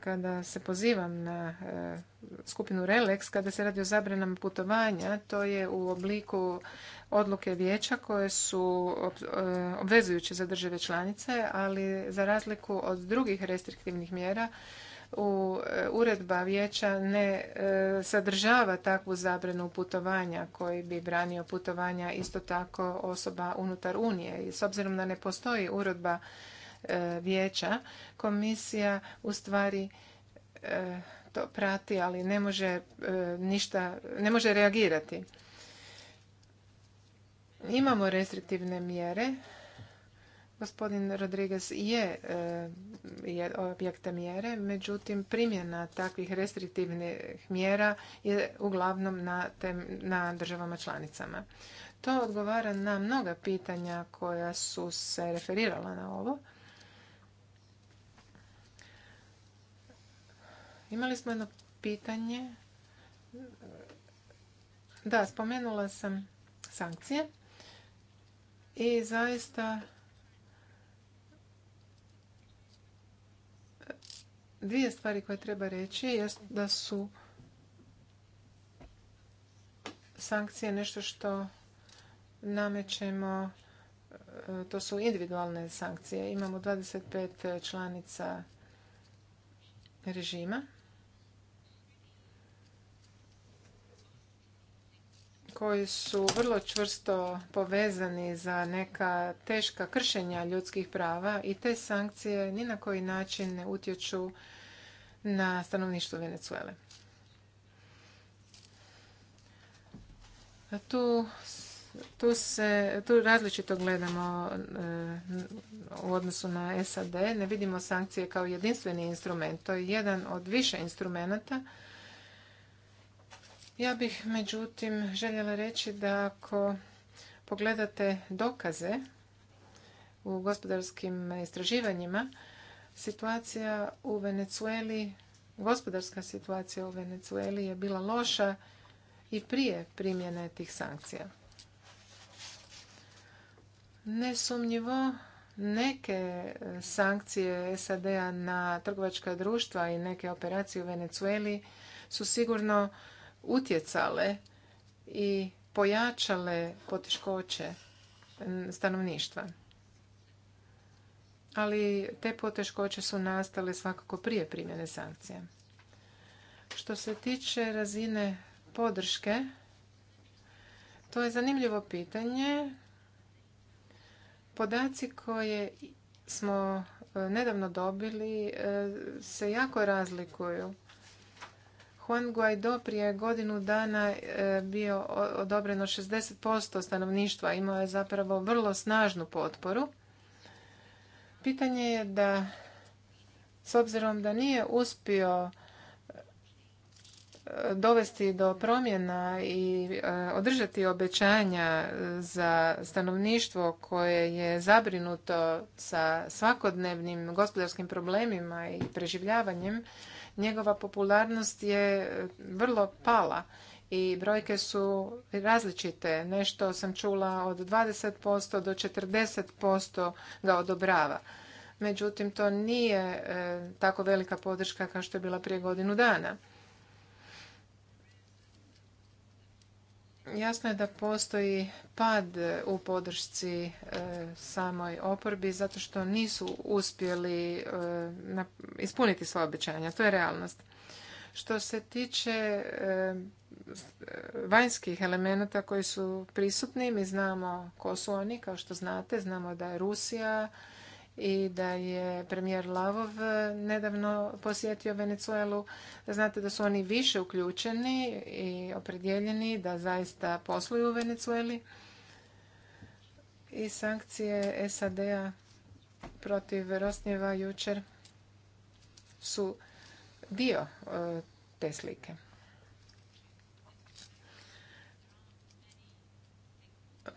kada se pozivam na e, skupinu RELEX, kada se radi o zabranama putovanja, to je u obliku odluke vijeća koje su e, obvezujuće za države članice, ali za razliku od drugih restriktivnih mjera, u e, uredba vijeća ne e, sadržava takvu zabranu putovanja koji bi branio putovanja isto tako osoba unutar Unije. I s obzirom da ne postoji uredba e, vijeća, komisija u stvari to prati, ali ne može ništa, ne može reagirati. Imamo restriktivne mjere Gospodin Rodriguez je, e, je objekta mjere, međutim primjena takvih restriktivnih mjera je uglavnom na, na državama članicama. To odgovara na mnoga pitanja koja su se referirala na ovo. Imali smo jedno pitanje. Da, spomenula sam sankcije i zaista Dvije stvari koje treba reći jest da su sankcije nešto što namećemo, e, to su individualne sankcije. Imamo 25 članica režima koji su vrlo čvrsto povezani za neka teška kršenja ljudskih prava i te sankcije ni na koji način ne utječu na stanovništvo Venezuele. Tu, tu, se, tu različito gledamo e, u odnosu na SAD. Ne vidimo sankcije kao jedinstveni instrument. To je jedan od više instrumenata ja bih međutim željela reći da ako pogledate dokaze u gospodarskim istraživanjima, situacija u Venecueli, gospodarska situacija u Venecueli je bila loša i prije primjene tih sankcija. Nesumnjivo neke sankcije SAD-a na trgovačka društva i neke operacije u Venecueli su sigurno utjecale i pojačale poteškoće stanovništva. Ali te poteškoće su nastale svakako prije primjene sankcija. Što se tiče razine podrške, to je zanimljivo pitanje. Podaci koje smo e, nedavno dobili e, se jako razlikuju Juan Guaido prije godinu dana e, bio odobreno 60% stanovništva, imao je zapravo vrlo snažnu potporu. Pitanje je da, s obzirom da nije uspio e, dovesti do promjena i e, održati obećanja za stanovništvo koje je zabrinuto sa svakodnevnim gospodarskim problemima i preživljavanjem, njegova popularnost je e, vrlo pala i brojke su različite. Nešto sam čula od 20% do 40% ga odobrava. Međutim, to nije e, tako velika podrška kao što je bila prije godinu dana. Jasno je da postoji pad e, u podršci e, samoj oporbi zato što nisu uspjeli e, ispuniti sva obećanja. To je realnost. Što se tiče vanjskih elemenata koji su prisutni, mi znamo ko su oni, kao što znate, znamo da je Rusija i da je premijer Lavov eh, nedavno posjetio Venezuelu. Znate da su oni više uključeni i opredjeljeni da zaista posluju u Venezueli. I sankcije SAD-a protiv Rosnjeva jučer su dio eh, te slike.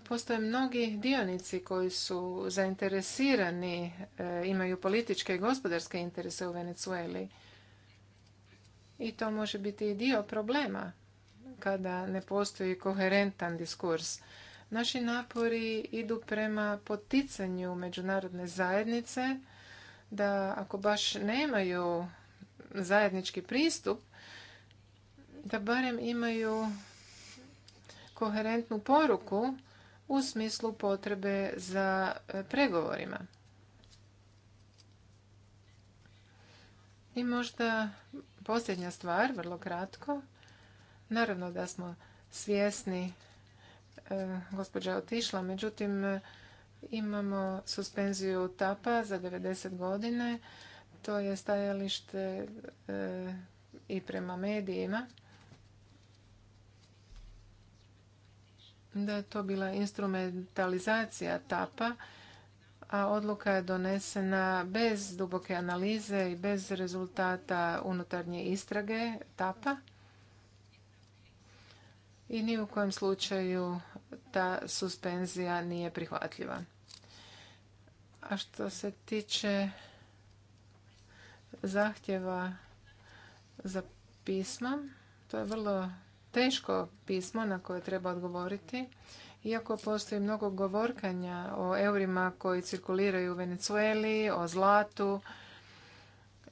postoje mnogi dionici koji su zainteresirani, e, imaju političke i gospodarske interese u Venezueli. I to može biti i dio problema kada ne postoji koherentan diskurs. Naši napori idu prema poticanju međunarodne zajednice da ako baš nemaju zajednički pristup, da barem imaju koherentnu poruku u smislu potrebe za e, pregovorima. I možda posljednja stvar, vrlo kratko. Naravno da smo svjesni, e, gospođa je otišla, međutim e, imamo suspenziju tapa za 90 godine. To je stajalište i prema medijima. da je to bila instrumentalizacija tapa, a odluka je donesena bez duboke analize i bez rezultata unutarnje istrage tapa. I ni u kojem slučaju ta suspenzija nije prihvatljiva. A što se tiče zahtjeva za pisma, to je vrlo teško pismo na koje treba odgovoriti. Iako postoji mnogo govorkanja o eurima koji cirkuliraju u Venecueli, o zlatu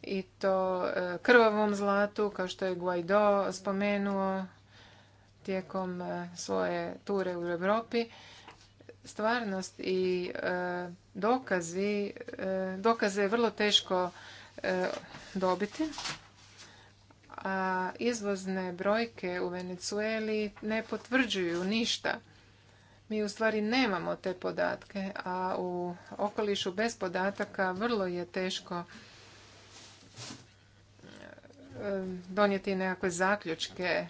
i to e, krvavom zlatu, kao što je Guaido spomenuo tijekom e, svoje ture u Europi, stvarnost i e, dokazi, dokaze je vrlo teško dobiti a izvozne brojke u Venecueli ne potvrđuju ništa. Mi u stvari nemamo te podatke, a u okolišu bez podataka vrlo je teško eh, donijeti nekakve zaključke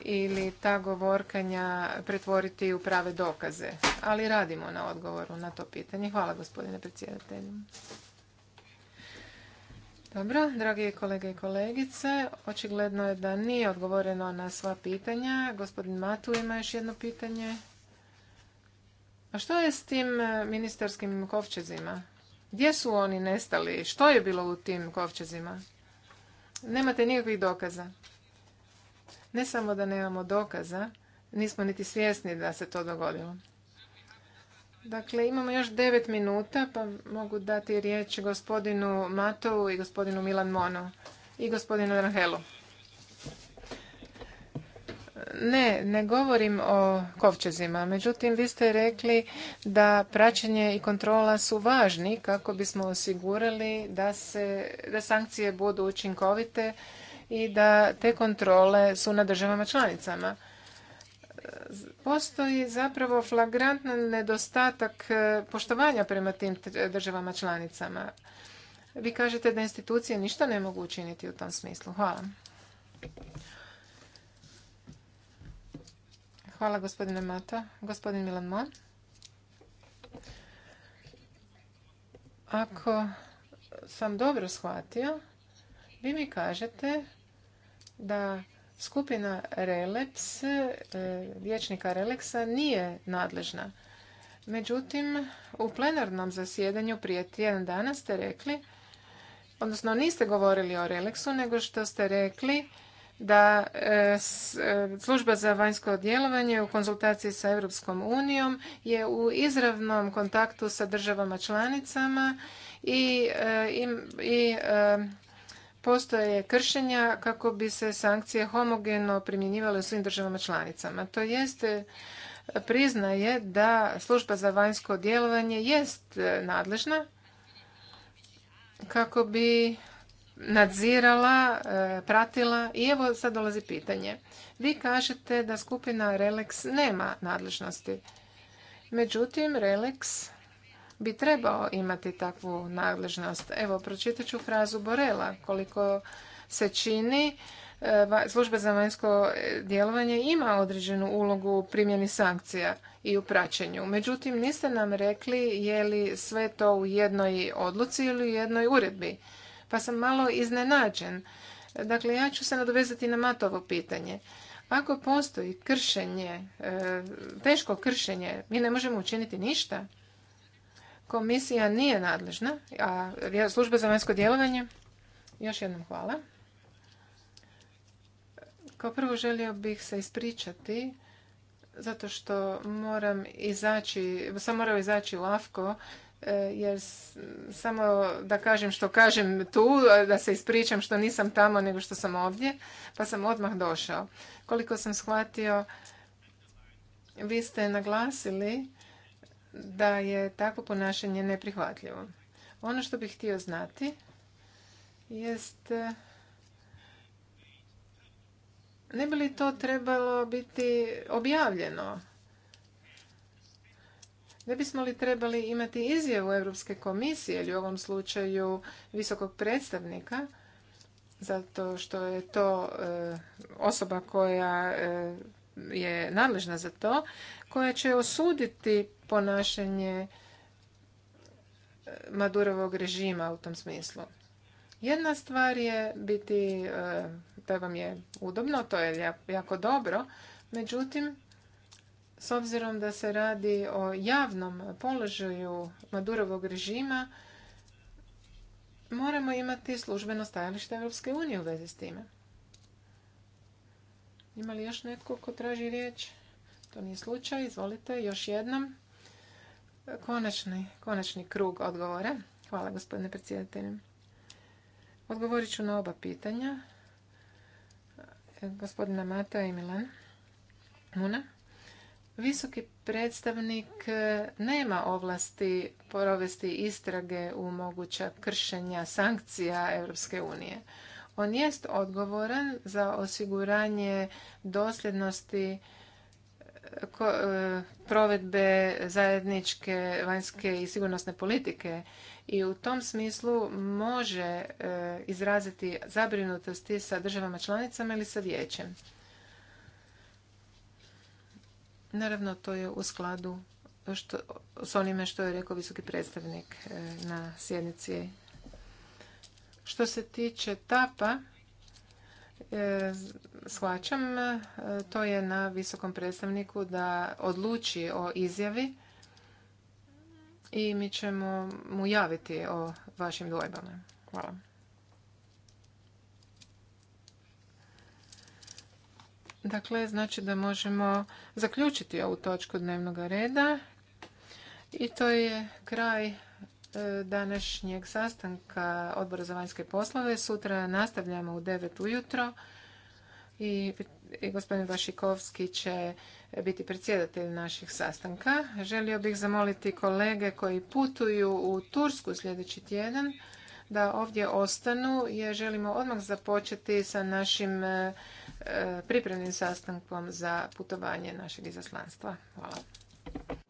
ili ta govorkanja pretvoriti u prave dokaze. Ali radimo na odgovoru na to pitanje. Hvala gospodine predsjedatelju. Dobro, dragi kolege i kolegice, očigledno je da nije odgovoreno na sva pitanja. Gospodin Matu ima još jedno pitanje. A što je s tim e, ministarskim kovčezima? Gdje su oni nestali? Što je bilo u tim kovčezima? Nemate nikakvih dokaza. Ne samo da nemamo dokaza, nismo niti svjesni da se to dogodilo. Dakle, imamo još devet minuta, pa mogu dati riječ gospodinu Matovu i gospodinu Milan Mono i gospodinu Rahelu. Ne, ne govorim o kovčezima. Međutim, vi ste rekli da praćenje i kontrola su važni kako bismo osigurali da, se, da sankcije budu učinkovite i da te kontrole su na državama članicama postoji zapravo flagrantan nedostatak e, poštovanja prema tim državama članicama. Vi kažete da institucije ništa ne mogu učiniti u tom smislu. Hvala. Hvala gospodine Mata. Gospodin Milan Mon. Ako sam dobro shvatio, vi mi kažete da Skupina Relex, e, vječnika Releksa nije nadležna. Međutim, u plenarnom zasjedanju prije tjedan dana ste rekli, odnosno niste govorili o Releksu, nego što ste rekli da e, e, služba za vanjsko djelovanje u konzultaciji sa Europskom unijom je u izravnom kontaktu sa državama članicama i postoje kršenja kako bi se sankcije homogeno primjenjivale u svim državama članicama. To jeste priznaje da služba za vanjsko djelovanje jest e, nadležna kako bi nadzirala, e, pratila i evo sad dolazi pitanje. Vi kažete da skupina Relex nema nadležnosti. Međutim, Relex bi trebao imati takvu nadležnost. Evo, pročitat ću frazu Borela. Koliko se čini, e, služba za vanjsko djelovanje ima određenu ulogu u primjeni sankcija i u praćenju. Međutim, niste nam rekli je li sve to u jednoj odluci ili u jednoj uredbi. Pa sam malo iznenađen. Dakle, ja ću se nadovezati na Matovo pitanje. Ako postoji kršenje, e, teško kršenje, mi ne možemo učiniti ništa. Komisija nije nadležna, a služba za vanjsko djelovanje, još jednom hvala. Kao prvo želio bih se ispričati zato što moram izaći, sam morao izaći u AFKO e, jer samo da kažem što kažem tu, da se ispričam što nisam tamo nego što sam ovdje, pa sam odmah došao. Koliko sam shvatio, vi ste naglasili da je takvo ponašanje neprihvatljivo. Ono što bih htio znati jest e, ne bi li to trebalo biti objavljeno? Ne bismo li trebali imati izjavu Europske komisije ili u ovom slučaju visokog predstavnika zato što je to e, osoba koja e, je nadležna za to, koja će osuditi ponašanje e, Madurovog režima u tom smislu. Jedna stvar je biti da e, vam je udobno, to je jako dobro, međutim, s obzirom da se radi o javnom položaju Madurovog režima, moramo imati službeno stajalište Europske unije u vezi s time. Ima li još netko ko traži riječ? To nije slučaj, izvolite još jednom konačni, krug odgovora. Hvala gospodine predsjedatelju. Odgovorit ću na oba pitanja. Gospodina Mata i Milan Muna. Visoki predstavnik nema ovlasti provesti istrage u moguća kršenja sankcija Europske unije. On jest odgovoran za osiguranje dosljednosti E, provedbe zajedničke vanjske i sigurnosne politike i u tom smislu može e, izraziti zabrinutosti sa državama članicama ili sa vijećem. Naravno, to je u skladu što, s onime što je rekao visoki predstavnik e, na sjednici. Što se tiče TAPA, E, shvaćam, e, to je na visokom predstavniku da odluči o izjavi i mi ćemo mu javiti o vašim dvojbama. Hvala. Dakle, znači da možemo zaključiti ovu točku dnevnog reda. I to je kraj E, današnjeg sastanka Odbora za vanjske poslove. Sutra nastavljamo u 9 ujutro i gospodin Vašikovski će biti predsjedatelj naših sastanka. Želio bih zamoliti kolege koji putuju u Tursku sljedeći tjedan da ovdje ostanu jer želimo odmah započeti sa našim e, pripremnim sastankom za putovanje našeg izaslanstva. Hvala.